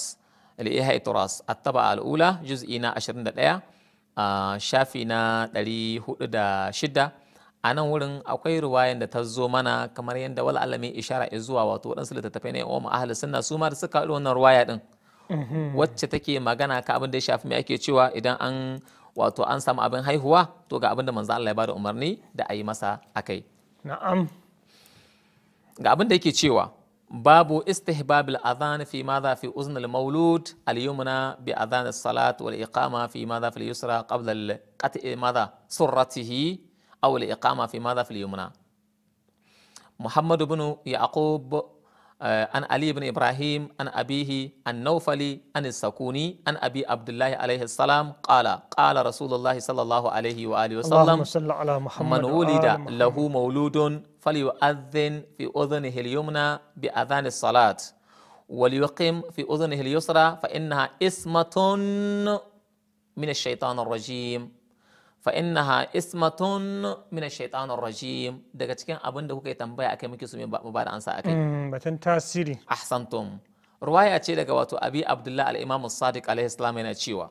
لإيهاء التراث الطبعة الأولى جزئنا 21 shafi na 406 a nan wurin akwai ruwayan da ta zo mana kamar yadda wal alami ishara zuwa wato waɗansu littattafai ne wa ahli sunna su ma da suka haɗu wannan ruwaya din wacce take magana ka abin da ya shafi mai ake cewa idan an wato an samu abin haihuwa to ga abin da manzo Allah bada umarni da a yi masa akai na'am ga abin da yake cewa babu istihbab al adhan fi madha fi uzn al mawlud al yumna bi adhan as salat wal iqama fi madha fi al yusra qabla al qat'i madha surratihi aw al iqama fi madha fi al yumna Muhammad ibn Yaqub عن آه، علي بن إبراهيم عن أبيه عن نوفلي عن السكوني عن أبي عبد الله عليه السلام قال قال رسول الله صلى الله عليه وآله وسلم اللهم على محمد من ولد له مولود فليؤذن في أذنه اليمنى بأذان الصلاة وليقم في أذنه اليسرى فإنها إسمة من الشيطان الرجيم fa innaha ismatun min ash-shaytanir rajim daga cikin abin da kuka yi tambaya akai muke su mu ba ansa akai batun tasiri ahsantum ruwaya ce daga wato abi abdullah al sadiq alaihi yana cewa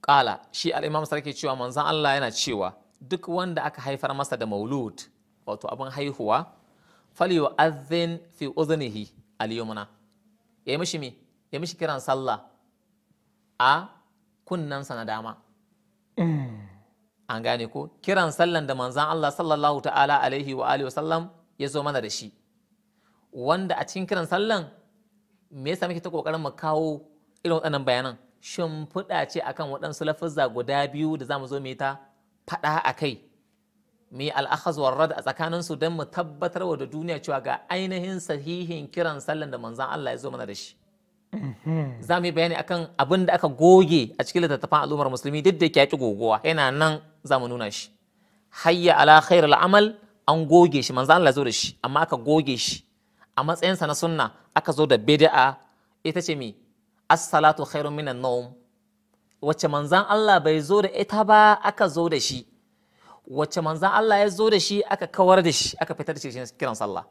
qala shi al sarki cewa manzon Allah yana cewa duk wanda aka haifar masa da maulud wato abin haihuwa falyu'adhdhin fi udhnihi al-yumna yayi mishi me yayi mishi kiran sallah a kunnansa na dama Mm. an gane ko kiran sallan da manzan Allah sallallahu ta'ala alaihi wa alihi wasallam ya zo mana da shi wanda a cikin kiran sallan me yasa muke ta kokarin mu kawo irin waɗannan bayanan shin shimfiɗa ce akan waɗansu lafazza guda biyu da za mu zo mu ta faɗa a kai mu yi al'akhaz rad a tsakanin su don mu tabbatar wa da duniya cewa ga ainihin sahihin kiran sallan da manzan Allah ya zo mana da shi Mhm. za mu yi bayani akan abin da aka goge a cikin littattafan al'ummar musulmi duk da yake gogowa yana nan za mu nuna shi hayya ala khairul amal an goge shi manzo Allah zo da shi amma aka goge shi a matsayinsa na sunna aka zo da bid'a ita ce mi as-salatu khairun an nawm wacce manzan Allah bai zo da ita ba aka zo da shi wacce manzan Allah ya zo da shi aka kawar da shi aka fitar da shi kiran sallah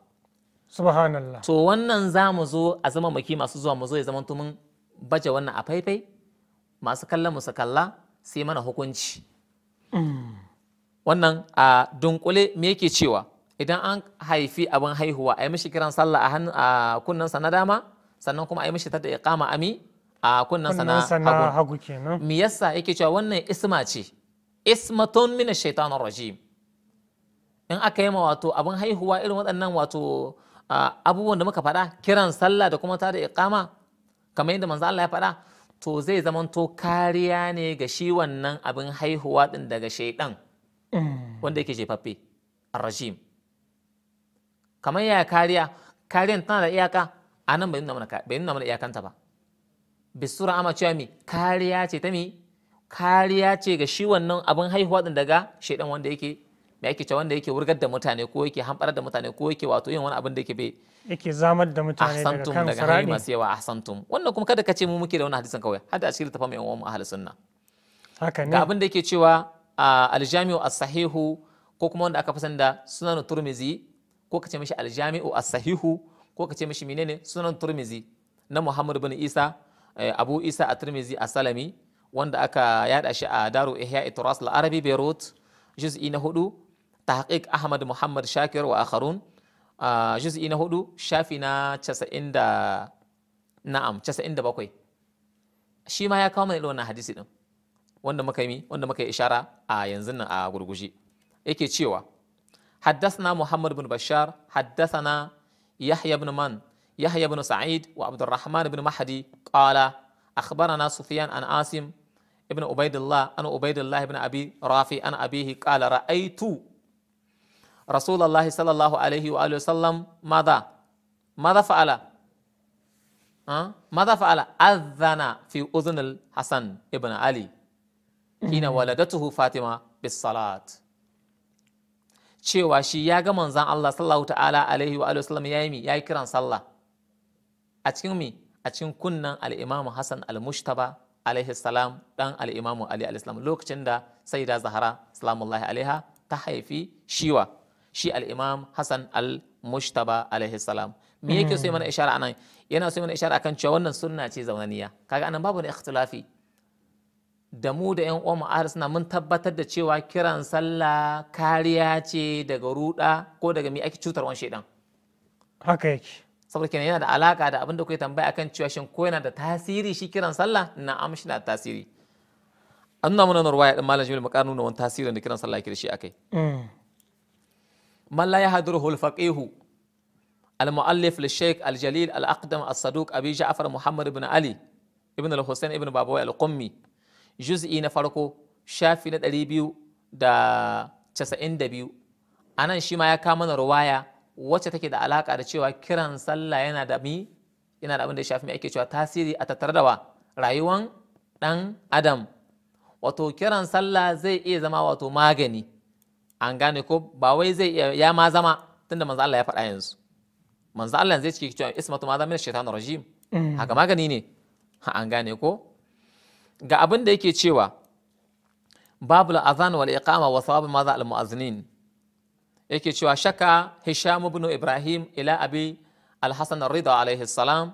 subhanallah to wannan za mu zo a zama maki masu zuwa mu zo ya zama mun baje wannan a faifai masu kallon mu su kalla sai mana hukunci wannan a dunkule me yake cewa idan an haifi abin haihuwa a yi mishi kiran sallah a kunnensa na dama sannan kuma a yi mishi ta da iqama ami a kunnensa na hagu me yasa yake cewa wannan isma ce ismatun min shaitanar rajim in aka yi ma wato abin haihuwa irin waɗannan wato abubuwan da muka faɗa kiran sallah da kuma tada iqama kamar yadda manzo Allah ya faɗa to zai zamanto kariya ne ga shi wannan abin haihuwa din daga shaidan mm. wanda yake jefaffe ar-rajim kamar yaya kariya kariyan tana da iyaka a nan bai nuna mana iyakanta ba bisura ama cewa mi kariya ce ta mi kariya ce ga shi wannan abin haihuwa din daga shaidan wanda yake me yake cewa wanda yake wurgar da mutane ko yake hambar da mutane ko yake wato yin wani abin da yake bai yake zamar da mutane daga kan daga hanyoyi masu yawa ahsantum wannan kuma kada ka ce mu muke da wannan hadisin kawai hada a cikin tafam yan uwan ahlus sunna haka ne ga abin da yake cewa aljami'u as-sahihu ko kuma wanda aka fi da sunan turmizi ko ka ce mishi aljami'u as-sahihu ko ka ce mishi menene sunan turmizi na Muhammad bin Isa eh, Abu Isa a Turmizi a salami wanda aka yada shi a Daru Ihya Itras al-Arabi Beirut juz'i na hudu tahqiq ahmad muhammad shakir wa akharun a na hudu shafi na casa'in da na'am casa'in bakwai shi ma ya kawo mana wannan hadisi din wanda muka yi wanda muka yi ishara a yanzu nan a gurguje yake cewa حدثنا muhammad بن بشار حدثنا يحيى بن من يحيى بن سعيد وعبد الرحمن بن مهدي قال أخبرنا سفيان an asim Ibn عبيد an عن عبيد الله بن أبي رافي عن أبيه رسول الله صلى الله عليه وآله وسلم ماذا ماذا فعل أه؟ ماذا فعل أذن في أذن الحسن ابن علي حين ولدته فاطمة بالصلاة cewa shi ya ga manzan Allah sallallahu ta'ala alaihi wa sallam ya yi ya yi kiran sallah a cikin mi a cikin kunnan al Hassan al-Mushtaba alaihi salam dan al-Imam Ali alaihi salam lokacin da Sayyida Zahra salamullahi alaiha ta haifi shiwa shi al-imam hasan al-mushtaba alaihi salam me hmm. yake so mana ishara anan yana so mana ishara akan cewa wannan sunna ce zaunaniya kaga anan babu ne ikhtilafi da mu da yan uwan ahar suna mun tabbatar da cewa kiran sallah kariya ce daga ruɗa ko daga mi ake cutar wani shedan haka yake saboda kenan yana da alaka da abin da kuke tambaya akan cewa shin ko yana da tasiri shi kiran sallah na shi na tasiri an nuna mana ruwaya ɗin malam jibril makarnu na wani tasirin da kiran sallah yake da shi akai hmm. man la yahduruhu al-faqih al-muallif al-shaykh al-jalil al-aqdam as-saduq abi ja'far muhammad ibn ali ibn al-husayn ibn babawai al-qummi juz'i na farko shafi na biyu, anan shima ya kawo mana ruwaya wacce take da alaka da cewa kiran sallah yana da abin da ya shafi mai ake cewa tasiri a tattare da wa rayuwan dan adam wato kiran sallah zai iya zama wato magani an gane ko ba wai zai iya ya ma zama tunda manzo Allah ya faɗa yanzu manzo Allah zai ce cewa ismatu ma zama min shaitanir rajim mm. haka magani ne an gane ko ga abin da yake cewa babu azan wal iqama wa sawabu ma al mu'azzinin yake cewa shaka hisham ibn ibrahim ila abi al hasan ar-ridha alaihi salam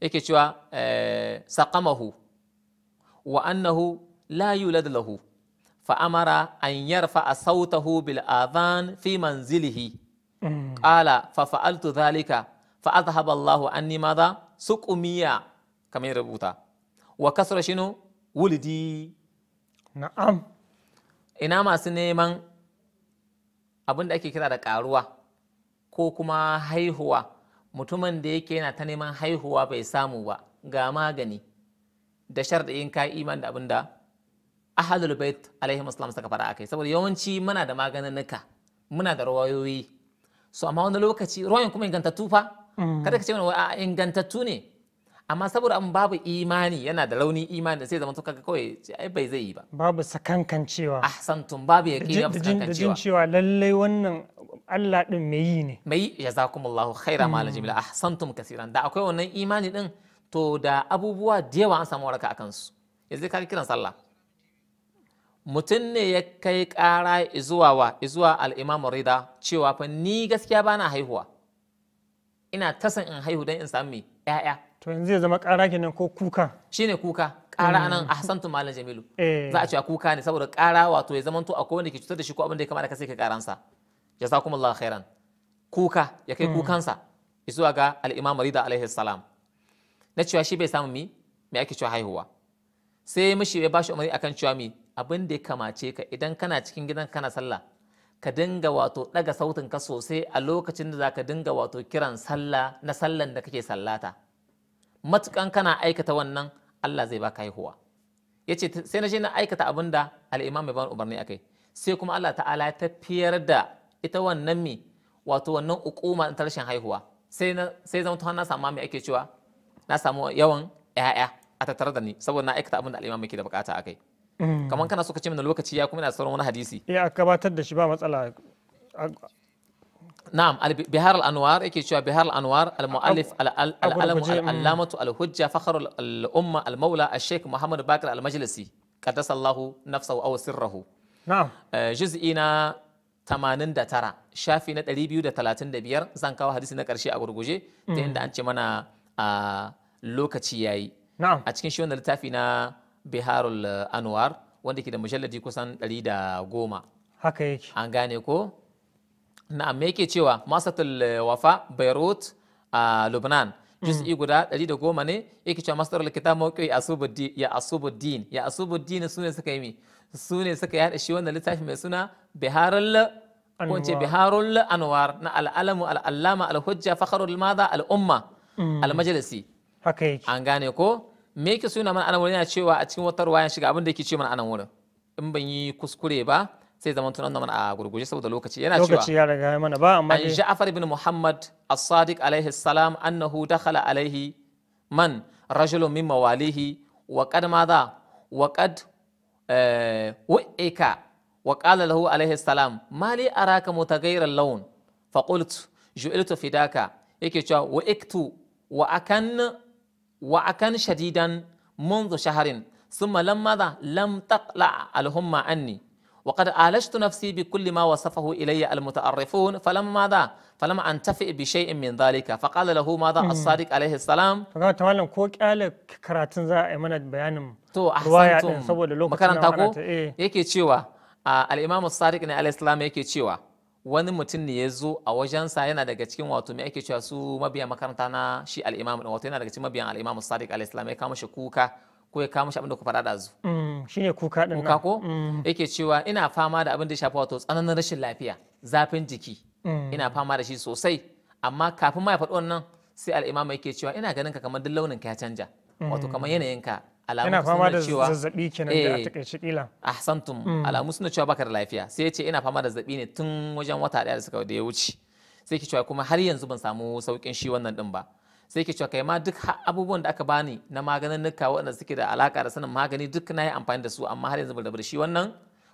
yake cewa eh, saqamahu wa annahu la lahu fa'amara an yarfa a sautahu bil adhan fi manzilihi qala fa fa'altu dhalika fa an Allahu anni madha suqumiya kamar rubuta wa kasra shinu wulidi na'am ina masu neman abin da ake kira da karuwa ko kuma haihuwa mutumin da yake yana ta neman haihuwa bai samu ba ga magani da sharɗin ka iman da abin da ahalul bait alaihi wasallam suka fara akai saboda yawanci muna da maganinnika muna da rawayoyi so amma wani lokaci rawayin kuma ingantattu fa mm. kada ka ce mana a ingantattu ne amma saboda an babu imani yana da rauni imani da sai zama to kaga kawai ai bai zai yi ba babu sakankan cewa ahsantum babu ya babu sakankan cewa cewa lallai wannan Allah din mai yi ne mai jazakumullahu khaira ma lajim mm. la ahsantum kaseeran da akwai wannan imani din to da abubuwa da yawa an samu waraka akan su yanzu ka kiran sallah mutum ne ya kai ƙara izuwa wa izuwa al'imamu rida cewa fa ni gaskiya ba na haihuwa ina tasan in haihu don in sami ‘ya'ya to yanzu ya zama ƙara kenan ko kuka shine kuka ƙara mm. nan a hasantu malam jamilu eh. za a cewa kuka ne saboda ƙara wato ya zamanto a kowane ke cutar da shi ko abin da ya kamata ka sai ka ƙaransa jazakumullahu khairan kuka ya kai mm. kukansa izuwa ga al'imam rida alaihi salam na cewa shi bai samu mi me ake cewa haihuwa sai mishi ya bashi umari akan cewa mi abin da ya kamace ka idan kana cikin gidan kana sallah ka dinga wato ɗaga sautin ka sosai a lokacin da zaka dinga wato kiran sallah na sallan da kake sallata matukan kana aikata wannan Allah zai baka haihuwa Yace sai na je na aikata abin da al'imam bai bani umarni akai sai kuma Allah ta'ala ya tafiyar da ita wannan mi wato wannan hukuma ta rashin haihuwa sai na sai zama na samu mai ake cewa na samu yawan 'ya'ya a tattare da ni saboda na aikata abin da al-Imam yake da bukata akai Mm. kamar kana so ka ce mana lokaci ya kuma ina sauran wani hadisi eh, a gabatar da shi ba matsala نعم بهار الانوار يكي شو بهار الانوار al العلامه الحجه فخر الامه المولى الشيخ محمد باكر المجلسي قدس الله نفسه او سره نعم da 89 shafi na 235 zan kawo hadisi na karshe a gurguje ta inda mm. an ce mana a ah, lokaci yayi a cikin shi wannan littafi na biharul eh, anwar wanda ke da mujalladi kusan ɗari goma haka yake an gane ko na'am me yake cewa masatul eh, wafa beirut a lubnan mm. juz'i guda 110 ne yake cewa masdarul kitab mawqi asubuddin ya asubuddin ya asubuddin sune suka yi mi sune suka yada shi wannan littafi mai suna biharul ko ce biharul anwar na al'alamu al'allama al-hujja fakhrul madha al-umma mm. al-majlisi haka yake an gane ko me yake suna mana anan wurin yana cewa a cikin wata ruwayan shiga abin da yake ce mana anan wurin in ban yi kuskure ba sai zaman tunan mana a gurguje saboda lokaci yana cewa lokaci ya riga mana ba amma an Ja'far ibn Muhammad as-Sadiq alaihi salam annahu dakhala alaihi man rajulun min mawalihi wa qad madha wa qad eh, wa'ika wa qala lahu alaihi salam mali araka mutaghayyiran lawn fa qultu ju'iltu fidaka yake cewa wa iktu wa akan wa akan shadidan منذ شهر ثم لم ماذا لم تقلع الهمة عني وقد عالجت نفسي بكل ما وصفه إلي المتعرفون فلم ماذا فلم أنتفئ بشيء من ذلك فقال له ماذا الصادق عليه السلام فقال تعالى كوك قال كراتن زا إمانة بيان تو أحسنتم مكان تاكو يكي تشيوا الإمام الصادق عليه السلام يكي تشيوا wani mutum ne ya zo a wajensa yana daga cikin wato mai ake cewa su mabiya makaranta na shi al'imam na wato yana daga cikin mabiyan al'imam sadiq alayhi ya kama shi kuka ko ya kama shi abinda ku faɗa da zu mm, shine kuka din kuka ko mm. yake cewa ina fama da abin da ya shafi wato tsananin rashin lafiya zafin jiki mm. ina fama da shi sosai amma kafin ma ya faɗi wannan sai al'imam yake cewa ina ganin ka kamar duk launin ka ya canja wato kamar yanayinka ina fama da zazzabi kenan da a eh. takaice kila mm. Alamun suna cewa baka da lafiya sai ya ce ina fama da zazzabi ne tun wajen wata daya da suka da ya wuce sai ki cewa kuma har yanzu ban samu saukin shi wannan din ba sai ki cewa kai ma duk abubuwan da aka bani na maganin nuka waɗanda suke da alaka da sanin magani duk na yi amfani da su amma har yanzu ban da shi wannan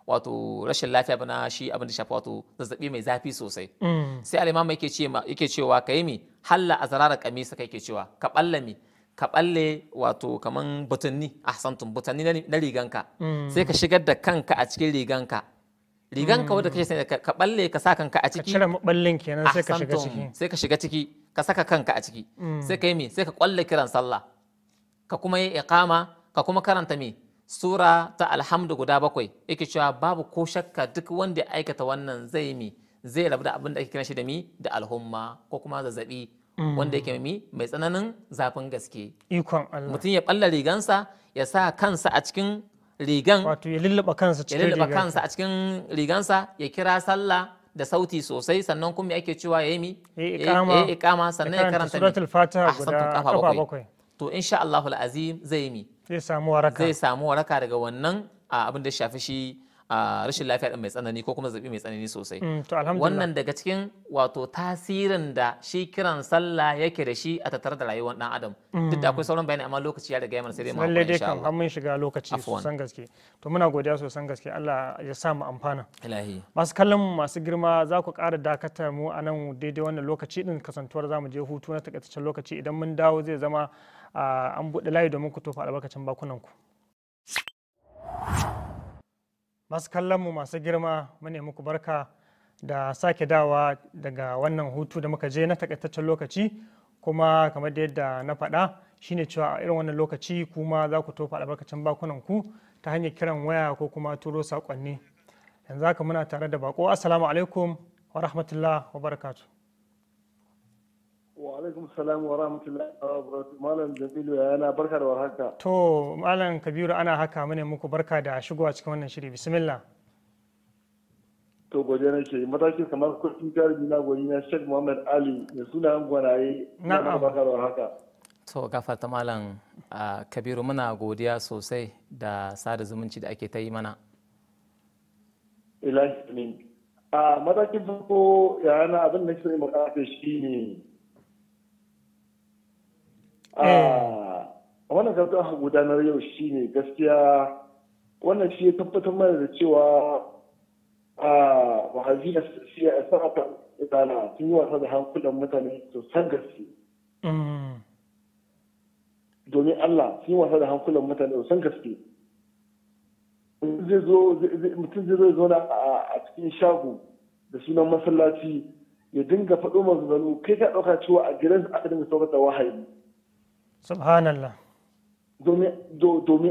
wato rashin lafiya bana shi abin da shafi wato zazzabi mai zafi sosai mm. sai alimama yake cewa ka yi mi halla a zarara kamisa kai ke cewa ka ballami ka balle wato kaman butanni santun butanni na riganka mm. sai ka shigar da kanka a cikin riganka riganka wanda kake sanya ka balle ka sa kanka a ciki ka cire ballin kenan sai ka shiga ciki sai ka shiga ciki ka saka kanka a ciki mm. sai ka yi me sai ka kwalle kiran sallah ka kuma yi iqama ka kuma karanta me sura ta alhamdu guda bakwai yake cewa babu ko shakka duk wanda ya aikata wannan zai mi zai rabu da abin da ake kira shi da mi da alhumma ko kuma zazzabi wanda mm. yake mai mai tsananin zafin gaske ikon Allah mutum ya balla rigansa ya sa kansa a cikin rigan wato ya lullaba kansa cikin rigan ya lullaba kansa a cikin rigansa ya kira sallah da sauti sosai sannan kuma ake cewa ya yi mi ya ikama sannan ya karanta suratul fatiha ah, guda kafa bakwai to insha Allahul azim zai yi mi zai samu waraka zai samu waraka daga wannan ah, abin da shafi shi A rashin lafiya din mai tsanani ko kuma zabi mai tsanani sosai mm, wannan daga cikin wato tasirin da shi kiran sallah yake da shi a tattare da rayuwar dan adam mm. duk da akwai sauran bayani amma lokaci ya riga yamma sai dai mu hakuri insha Allah mun shiga lokaci sosan gaske to muna godiya sosan gaske Allah ya sa mu amfana ilahi masu kallon masu girma za ku ƙara dakatar mu a nan daidai wannan lokaci din kasantuwar za mu je hutu na takaitaccen lokaci idan mun dawo zai zama an buɗe layi domin ku tofa albarkacin bakunan ku masu kallonmu masu girma mune muku barka da sake dawa daga wannan hutu da muka je na takaitaccen lokaci kuma kamar da yadda na faɗa shine cewa a irin wannan lokaci kuma za ku tofa albarkacin bakunan ku ta hanyar kiran waya ko kuma turo saƙonni yanzu haka muna tare da bako assalamu alaikum wa rahmatullah wa barakatu. alaikum salam wa rahmatullahi wa barakatuh malam jamilu yana barka da warhaka to malam kabiru ana haka mune muku barka da shigowa cikin wannan shiri bismillah to godiya na ke matakin kamar kudin jarumi na gwani na sheikh muhammad ali mai suna gwanaye na barka da warhaka to ta malam kabiru muna godiya sosai da sada zumunci da ake ta yi mana ilahi a matakin farko yana abin da ke magana shi ne Eh. a ah, wannan zaɓe aka gudanar yau shi ne gaskiya wannan shi ya tabbatar mana da cewa a ah, wahazi da ta idana sun yi wasa da hankulan mutane san gaske mm. domin Allah sun yi wasa da hankulan mutane san gaske mutum zai zo zauna a cikin shago da sunan masallaci ya dinga faɗo masu zanu kai ka ɗauka cewa a gidan aka dinga saukar da wahayi subhanallah domin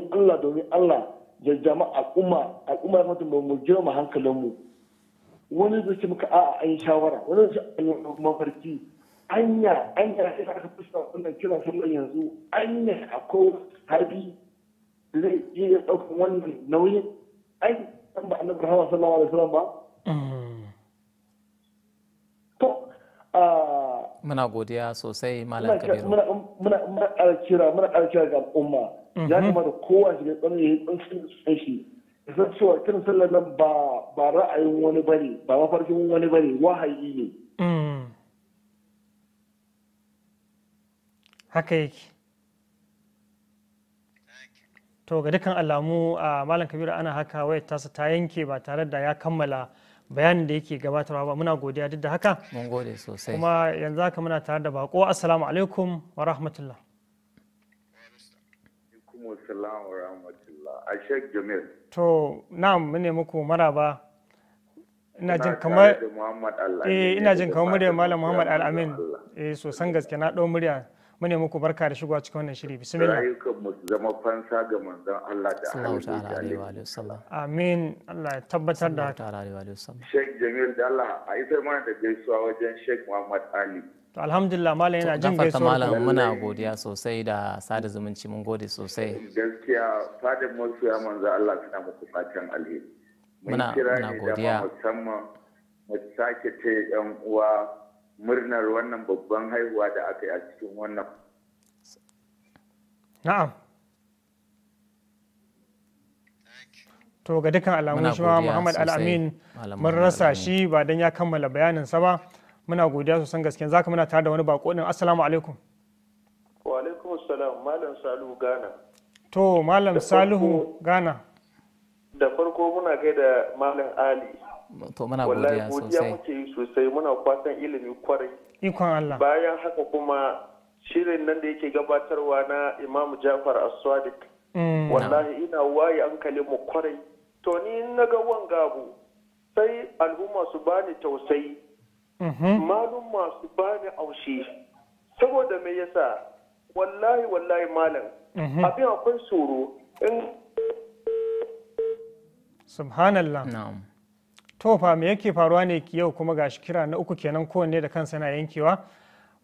Allah domin Allah ya jama al'umma al'umma ya fata mu girma hankalinmu wani zai ce muka a'a an yi shawara wani zai ce an yi mafarki anya anya sai aka fuska wannan kira sallan yanzu anya akwai harbi zai ya ɗaukar wannan nauyin ai san ba annabi Muhammad sallallahu alaihi wasallam ba mm. to ah, muna godiya sosai malam kabiru muna kira muna kira ga al'umma mhm. ya kamata kowa da tsanin ya yi tsansu shi san cewa kiran sallar nan ba ba ra'ayin wani bane ba mafarkin wani bane wahayi ne mm. haka yake to ga dukkan alamu a ah, malam kabiru ana haka wayar tasa ta yanke ba tare da ya kammala bayanin da yake gabatarwa ba muna godiya duk da haka mun gode sosai kuma yanzu haka muna tare da bako assalamu alaikum wa rahmatullah to na'am mu ne muku maraba ina jin kamar eh ina jin kamar muryar malam muhammad al-amin eh sosan gaske na ɗau murya mu ne muku barka da shigowa cikin wannan shiri bismillah rayukan mu zama fansa ga manzon Allah da Allah amin Allah ya tabbatar da Sheikh Jamil da Allah a sai mana da gaisuwa wajen Sheikh Muhammad Ali to alhamdulillah malam yana jin gaisuwa malam muna godiya sosai da sada zumunci mun gode sosai gaskiya fadin ya manzon Allah kana muku fatan alheri muna muna godiya musamman mu sake ce yan uwa murnar wannan babban haihuwa da aka yi a cikin wannan na'am to ga dukkan alamun shi ma muhammad al'amin mun rasa shi ba don ya kammala sa ba muna godiya sosan gaske za ka muna tare da wani bako din assalamu alaikum wa alaikum salam malam salihu gana to malam salihu gana da farko muna gaida malam ali to muna godiya sosai wallahi muke yi sosai muna fatan ilimi kwarai ikon Allah bayan haka kuma shirin nan da yake gabatarwa na Imam Jafar As-Sadiq mm, wallahi ina waye kale mu kwarai to ni na ga wangabu sai al'umma su bani tausayi mm-hmm. malum masu bani aushi saboda me yasa wallahi wallahi malam mm-hmm. abin akwai tsoro in subhanallah na'am to fa me yake faruwa ne yau kuma shi kira na uku kenan kowanne da kansa na yankewa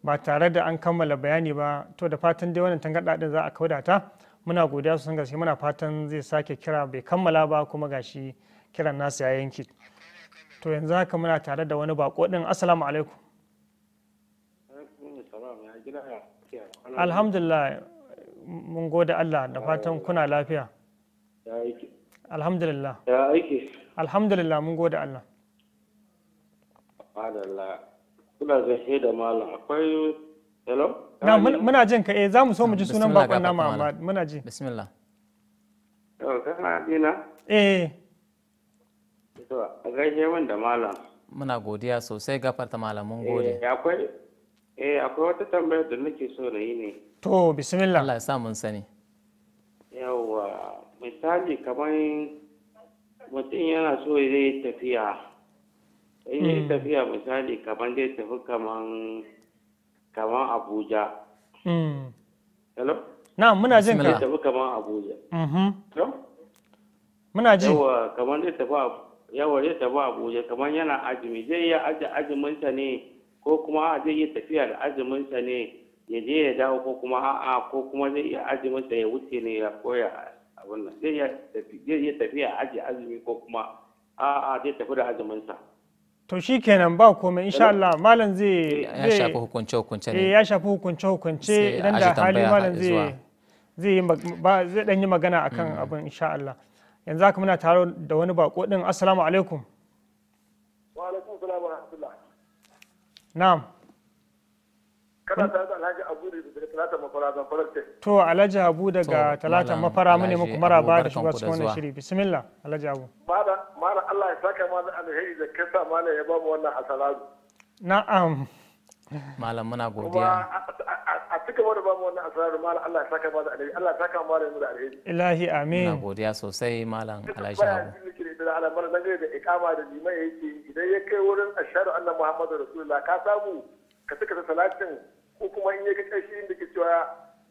ba tare da an kammala bayani ba to da fatan dai wannan tangarɗa din za a kauda ta muna godiya sun gaske muna fatan zai sake kira bai kammala ba kuma ga shi kiran nasu ya yanke to yanzu haka muna tare da wani bako ɗin assalamu alaikum alhamdulillah mun gode Allah da fatan kuna lafiya alhamdulillah alhamdulillah mun gode Allah madalla kuna gaishe da malam akwai hello na muna jin ka eh za mu so mu ji sunan bakon nama amma muna ji bismillah yau kana dina eh to a gaishe min da malam muna godiya sosai gafarta malam mun gode eh akwai eh akwai wata tambaya da nake so na yi ne to bismillah Allah ya sa mun sani yawa misali kamar mutum yana so zai tafiya in yi mm. tafiya misali kamar zai tafi kamar abuja mm. hello na muna jin ka tafi kamar abuja mm-hmm. muna ji yawa kamar zai tafi yawa zai tafi abuja kamar yana azumi zai yi aji azuminsa ne ko kuma zai yi tafiya da azuminsa ne ya je ya dawo ko kuma a'a ko kuma zai iya azuminsa ya wuce ne ya koya abin nan zai iya tafiya aji azumi ko kuma a'a zai tafi da azumin sa. to shi kenan ba komai insha Allah malam zai ya shafi hukunce hukunce ne ya shafi hukunce eh, hukunce idan da hali malam zai zai zai dan yi magana akan hmm. abin insha Allah yanzu haka muna taro da wani bako din assalamu alaikum wa alaikum salam wa rahmatullah na'am kana tare da alhaji abu daga talata mafara zan farar to alhaji abu daga talata mafara mu ne muku maraba da shiga cikin wannan shiri bismillah alhaji abu mala mala Allah ya saka mana alheri da kasa mala ya ba mu wannan hasalazu na'am malam muna godiya a cika wani ba mu wannan asrar malam Allah ya saka mana alheri Allah ya saka mana mu da alheri ilahi amin muna godiya sosai malam alhaji abu da alamar dangane da ikama da limai yake idan ya kai wurin ashhadu anna Muhammadu rasulullah ka samu ka saka salatin ko kuma in ya ga ƙarshe da ke cewa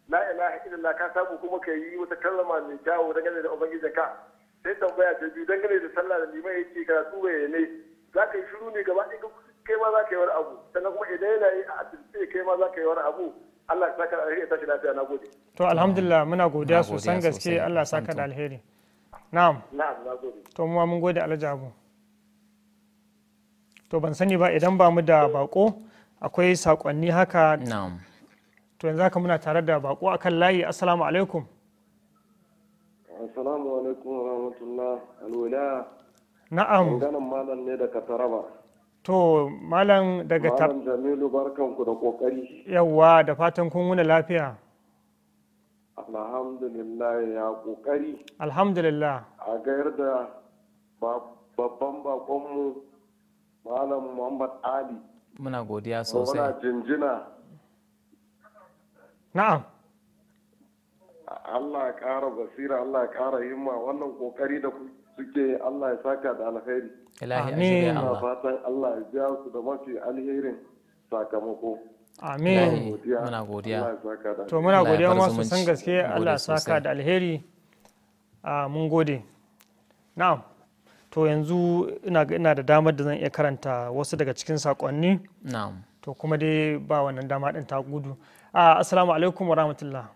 la ilaha illallah ka samu kuma ka yi wata kallama mai kyawu dangane da ubangijin ka sai tambaya ta biyu dangane da sallah da liman yake su bai ne za ka yi shiru ne gaba ɗaya kai ma za ka yi wani abu sannan kuma idan yana yi a asirce kai ma za ka yi wani abu Allah ya saka alheri ya tashi lafiya na gode to alhamdulillah muna godiya sosan gaske Allah ya saka da alheri na'am na'am na gode to mu mun gode Alhaji Abu to ban sani ba idan ba mu da bako akwai saƙonni haka to yanzu haka muna tare da bako akan layi assalamu alaikum assalamu alaikum wa rahmatullah alwala na'am ganin malam ne daga taraba to malam daga ta. malam jamilu barkanku da kokari yawa da fatan kun wuna lafiya alhamdulillah ya kokari alhamdulillah a gayar da babban bakonmu malam muhammad ali muna godiya sosai muna jinjina na'am Allah ya ƙara basira Allah ya ƙara himma wannan kokari da suke Allah ya saka da alheri ilahi Allah fatan Allah ya biya su da mafi alherin sakamako amin muna godiya to muna godiya ma san gaske Allah ya saka da alheri ah, mun gode na'am to yanzu ina da damar da zan iya karanta wasu daga cikin saƙonni to kuma dai ba wannan dama ɗin ta gudu assalamu alaikum wa rahmatullah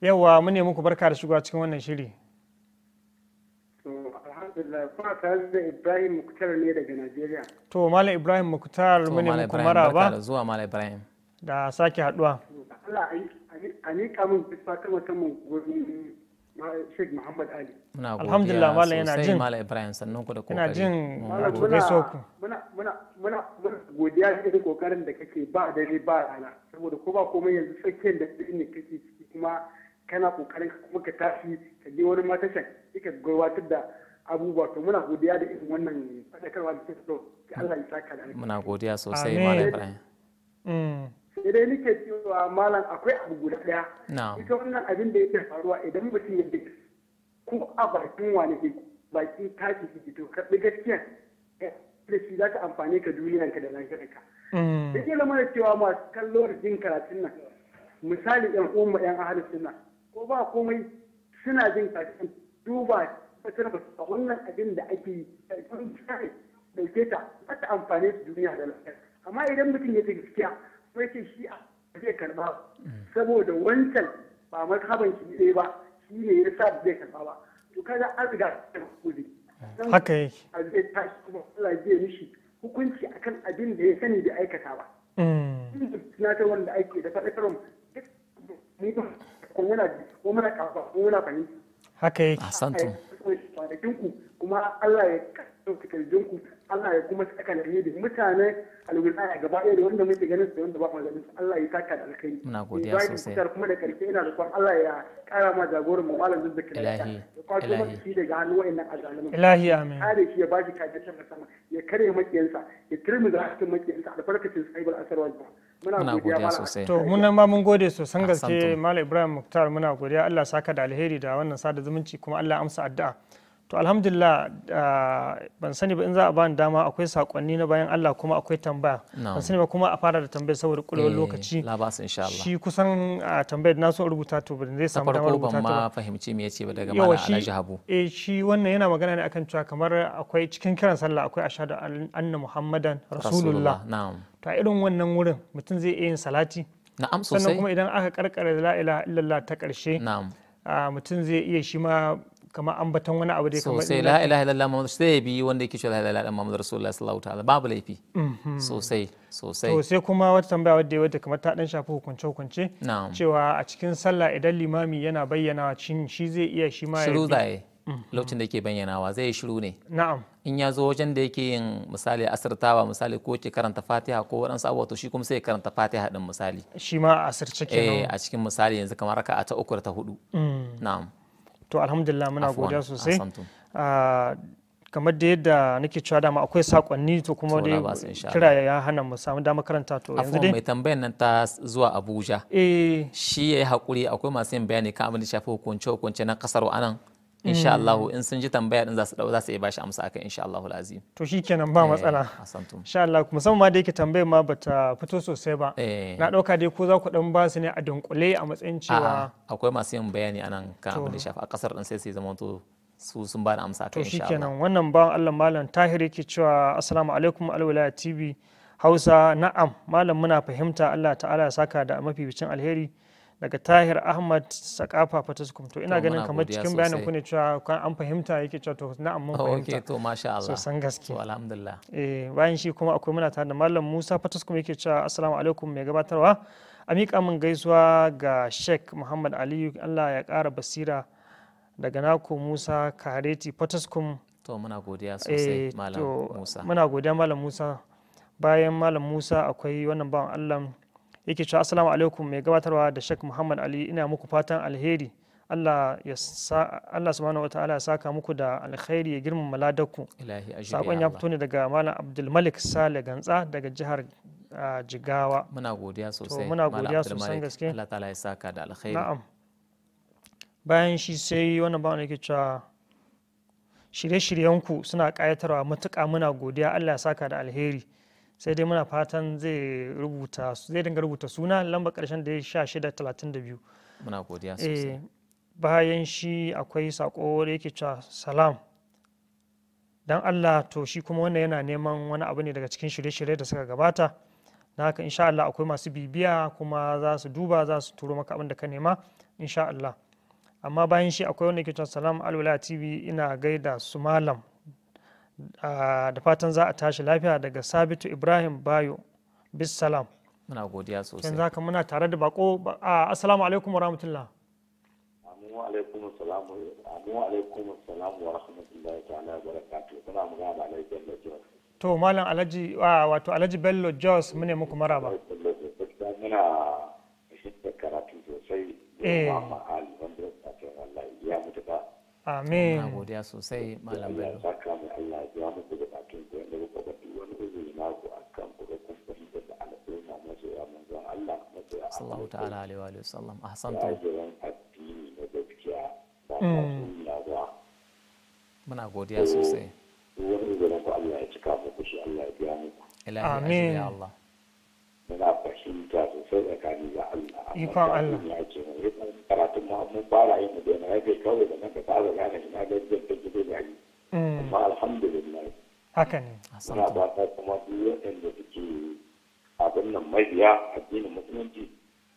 yawa mu ne muku barka da shiga cikin wannan shiri Alhamdulillah kuma tare da ibrahim muktar ne daga najeriya to malam ibrahim muktar mu ne muku maraba zuwa malam ibrahim da sake haduwa alhamdulillah malam yana jin malam Ibrahim sannan ku da kokari ina jin gobe so ku muna muna muna godiya ga da kokarin da kake ba dare ba rana saboda ko ba komai yanzu tsakiyar da ne kake ciki kuma kana kokarin kuma ka tafi ka je wani matashin kika gabatar da abubuwa to muna godiya da irin wannan fadakarwa da kake so Allah ya saka da muna godiya sosai malam Ibrahim mm. idan nake cewa malam akwai abu guda daya ita wannan abin da yake faruwa idan mutum ya bi ko a bakin wani ke baki tashi shi to ka bi gaskiya eh, da shi za ka amfani ka duniyanka da lafiyarka mm. da ke lamar da cewa masu kallo da jin karatun nan misali yan umma yan ahalin suna ko ba komai suna jin karatun duba kasar ba wannan abin da ake yi da ke ta ta amfani da duniya da lafiyarka amma idan mutum ya ta gaskiya kuma shi a zai karba saboda wancan ba mazhaban shi ne ba shi ne ya sa zai karba ba to kaga an riga da kudi haka yake a zai tashi kuma Allah zai mishi hukunci akan abin da ya sani da aikata ba na ta wanda ake da faɗakarwa duk mu kuma yana kuma muna kafa kuma muna fahimta haka yake a santu kuma Allah ya ɗauki ku Allah ya kuma saka da mutanen alwilaya gaba ɗaya da wanda muke ganin su da wanda ba mu ganin su Allah ya saka da alkhairi muna godiya sosai da kuma da karshe ina kuma Allah ya kara ma jagoran mu da zazzaki ilahi ilahi shi daga hannu wayannan azalimin ilahi amin kare shi ya bashi kajin sama ya kare makiyansa ya kirmi zafin makiyansa albarkacin sahibul asar ba muna godiya sosai to mun ma mun gode sosan gaske malam Ibrahim Muktar muna godiya Allah saka da alheri da wannan sada zumunci kuma Allah amsa addu'a to alhamdulillah ban sani ba in za a bani dama akwai sakonni na bayan Allah kuma akwai tambaya ban sani ba kuma a fara da tambayar saboda kulawar eh, lokaci shi kusan tambayar na so rubuta to ban zai samu damar rubuta ma fahimci me yace ba daga malam Alhaji Habu eh shi wannan yana magana ne akan cewa kamar akwai cikin kiran sallah akwai ashhadu anna muhammadan rasulullah na'am to a irin wannan wurin mutum zai iya yin salati na'am sosai sannan kuma idan aka karkare la ilaha illallah ta karshe na'am mutum zai iya shi ma kamar ambaton wani abu da kamar sosai la ilaha illallah muhammadu sai ya bi wanda yake cewa la ilaha illallah muhammadu rasulullah sallallahu ta'ala babu laifi mhm. sosai sosai to sai kuma wata tambaya wadda wadda kamar ta dan shafi hukunce hukunce cewa a cikin sallah idan limami yana bayyana shi zai iya shi ma ya shiru zai mhm. lokacin da yake bayyanawa zai shiru ne na'am in ya zo wajen da yake yin misali asirtawa misali ko ke karanta fatiha ko waɗansu abubuwa to shi kuma sai karanta fatiha din misali shi ma asirce kenan eh a cikin misali yanzu kamar raka'a ta uku ta hudu mm. na'am to alhamdulillah muna godiya sosai ah, kamar da yadda nake cewa dama akwai sakonni to kuma dai kira ya hana mu samu dama karanta to yanzu dai mai tambayar nan ta zuwa Abuja eh shi yi hakuri akwai masu yin bayani kan abin da shafi hukunce hukunce na kasar anan insha hmm. Allah in sun ji tambaya din za su dau za su iya bashi amsa akan insha Allah azim to shikenan ba eh, matsala insha Allah musamman ma da yake tambayar ma bata fito sosai ba eh. na dauka dai ko za ku dan ba su ne a dunkule a matsayin cewa akwai masu yin bayani anan kan abin da shafa a kasar din sai su zama to su sun ba da amsa akan insha Allah to shikenan wannan ba Allah malam Tahir yake cewa assalamu alaikum alwala tv Hausa na'am malam muna fahimta Allah ta'ala saka da mafi bicin alheri daga tahir ahmad sakafa fataskum to ina ganin kamar cikin bayanin ku ne cewa an fahimta yake cewa to na amma fahimta to masha Allah san gaske to alhamdulillah eh bayan shi kuma akwai muna tare da mallam musa kuma yake cewa assalamu alaikum mai gabatarwa a miƙa min gaisuwa ga sheikh muhammad aliyu allah ya ƙara basira daga naku musa kareti fataskum to muna godiya sosai eh, malam musa muna godiya malam musa bayan malam musa akwai wannan bawan allah yake cewa assalamu alaikum mai gabatarwa da shek muhammad ali ina muku fatan alheri Allah subhanahu wa ta'ala ya saka muku da alkhairi ya girmama ladarku sakon ya fito ne daga malam abdulmalik sale gantsa daga jihar ah, jigawa muna godiya sosai muna godiya sosai gaske Allah ta'ala ya saka da alkhairi na'am bayan shi sai wannan bawan yake cewa shirye-shiryenku suna ƙayatarwa matuƙa muna godiya Allah ya saka da alheri sai dai muna fatan zai rubuta zai dinga rubuta suna lambar karshen da ya sha shida talatin da biyu muna godiya eh, sosai bayan shi akwai sako da yake cewa salam dan Allah to shi kuma wannan yana neman wani abu ne daga cikin shirye-shirye da suka gabata na haka insha Allah akwai masu bibiya kuma za su duba za su turo maka abin da ka nema insha Allah amma bayan shi akwai wanda yake cewa salam alwala tv ina gaida su malam da fatan za a tashi lafiya daga sabitu ibrahim bayo bisalam muna godiya sosai yanzu haka muna tare da bako assalamu alaikum wa rahmatullah to malam alhaji wato alhaji bello jos mune muku maraba muna da karatu sosai eh. da ya mutu ba Amin. Na godiya sosai Malam Bello. ya muku bukatun ta'ala alaihi wa sallam. Ahsantu. Mm. Muna godiya sosai. Allah ya Amin. Ikon Allah. samu fara yin da na yake kawai da naka fara gane shi na da jin ta gidi da yi amma alhamdulillah haka ne muna ba ta kuma duk waɗanda suke abin nan mabiya addinin musulunci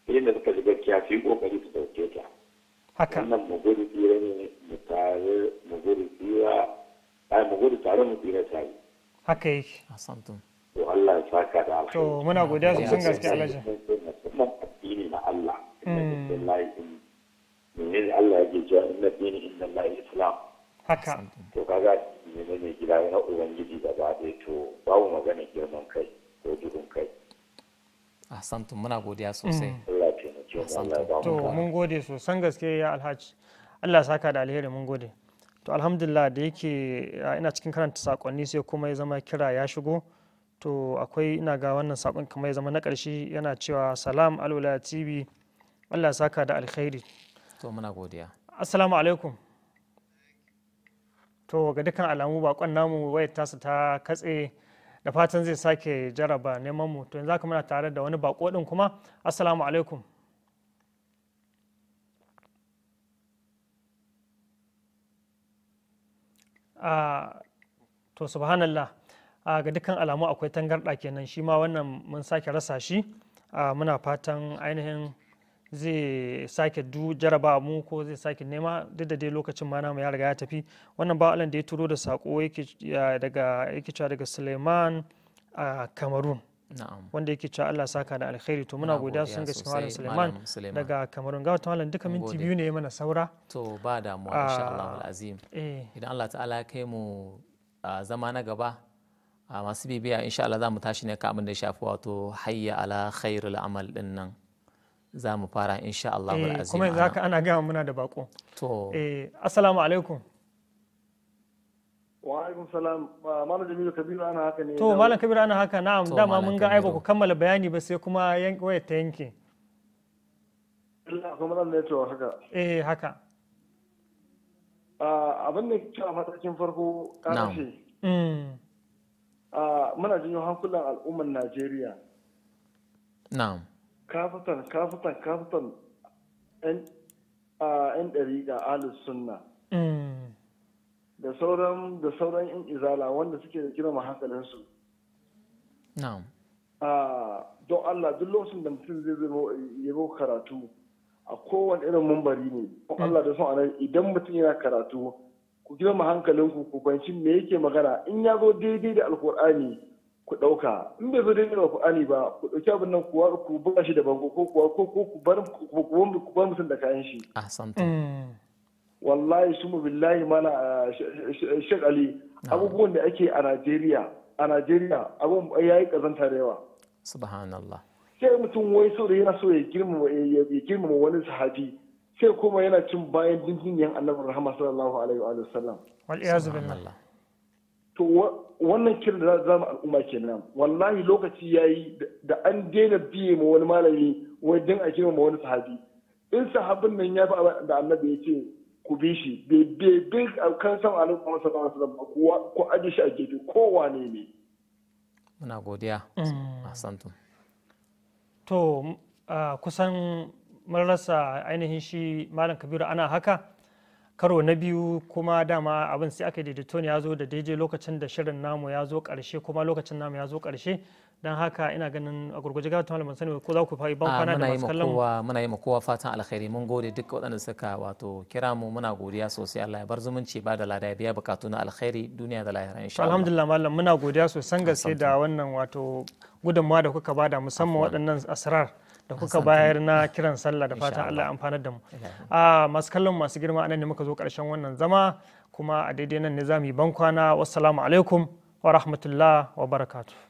sai da suka shiga fi kokari su dauke ta haka nan mu gudu tsira ne mu tare mu gudu tsira ai mu gudu tare mu tsira tare haka yake asantun to Allah ya saka da alhamdulillah to muna godiya sosai gaskiya alhaji musamman na Allah Mm. menene Allah yake cewa inna dini inna Allah islam haka to kaga ne gida na ubangiji da ba ɗaya to babu magana girman kai ko duhun kai santu muna godiya sosai mm. Allah ya to mun gode sosan gaske ya alhaji Allah saka da alheri mun gode to alhamdulillah da yake ina cikin karanta sakonni sai kuma ya zama kira ya shigo to akwai ina ga wannan sakon kamar ya zama na ƙarshe yana cewa salam alwala tv Allah saka da alkhairi to muna godiya assalamu alaikum to ga dukkan alamu bakon namu wayar ta katse da fatan zai sake jaraba neman mu to yanzu haka muna tare da wani bako din kuma assalamu alaikum ah, to subhanallah ah, ga dukkan alamu akwai tangarɗa kenan shi ma wannan mun sake rasa shi ah, muna fatan ainihin zai sake du jaraba mu ko zai sake nema duk da dai lokacin ma namu ya riga ya tafi wannan ba da ya turo da sako daga yake cewa daga Suleiman a Cameroon wanda yake cewa Allah saka da alkhairi to muna godiya sun ga cikin malam Suleiman daga Cameroon ga wata malam duka minti biyu ne mana saura to ba damuwa insha Allah al'azim. Eh. idan Allah ta'ala ya kai mu zama na gaba masu bibiya insha Allah za mu tashi ne ka abin da ya shafi wato hayya ala khairul amal din nan za mu fara insha Allah eh, kuma yanzu haka ana gaya muna da bako to eh assalamu alaikum wa alaikum salam malam jamilu kabiru ana haka ne to malam kabiru ana haka na'am dama mun ga ai ba ku kammala bayani ba sai kuma waye ta yanke Allah kuma nan ne to haka eh haka ah, abin da ke cewa matakin farko ƙarfe mm. ah, muna janyo hankulan al'ummar najeriya na'am kafatan kafatan kafatan yan ɗariƙa alis sunna mm. da sauran da sauran yan izala wanda suke da girma hankalinsu don Allah duk lokacin da mutum zai zai yabo karatu a kowane irin mumbari ne don Allah da son anan idan mutum yana karatu ku girma hankalinku ku kwanci me yake magana in ya zo daidai da alkur'ani ku ɗauka in bai zo daidai da ku'ani ba ku ɗauki abin nan kuwa ku ba shi da bango ko kuwa ko ku bar ku bar musun da kayan shi mm. wallahi su mu billahi mana eh, Sheikh Ali ah. abubuwan da ake a Najeriya a Najeriya abun yayi kazanta da yawa subhanallah sai mutum wai so da yana so ya girmama ya girmama wani sahabi sai kuma yana cin bayan dindin yan Annabi Muhammad sallallahu alaihi wa sallam wal iyazu billah to wannan kiran da za mu al'umma kenan wallahi lokaci ya yi da an daina biye ma wani malami wai dan a girma wani sahabi in sahabin nan ya fi da annabi ya ce ku bi shi bai bi kan san wasu ba sallallahu alaihi ko aje shi a gefe kowa ne ne muna godiya mm. a santu. to kusan mun rasa ainihin shi malam kabiru ana haka karo na biyu kuma dama abin sai aka daidaito ne ya zo da daidai lokacin da shirin namu ya zo karshe kuma lokacin namu ya zo karshe don haka ina ganin a gurguje ga malamin sani ko za ku fa'i ban kwana da masu kallon muna yi kowa fatan alkhairi mun gode duk waɗanda suka wato kira mu muna godiya sosai Allah ya bar zumunci ba da lada biya bukatu na alkhairi duniya da lahira insha Allah alhamdulillah malam muna godiya sosan sai da wannan wato gudunmawa da kuka bada musamman waɗannan asrar da kuka bayar na kiran sallah da fatan Allah ya amfanar da mu a ah, masu kallon masu girma anan ne muka zo karshen wannan zama kuma a daidai nan ne za mu yi bankwana wassalamu alaikum wa rahmatullah wa barakatuh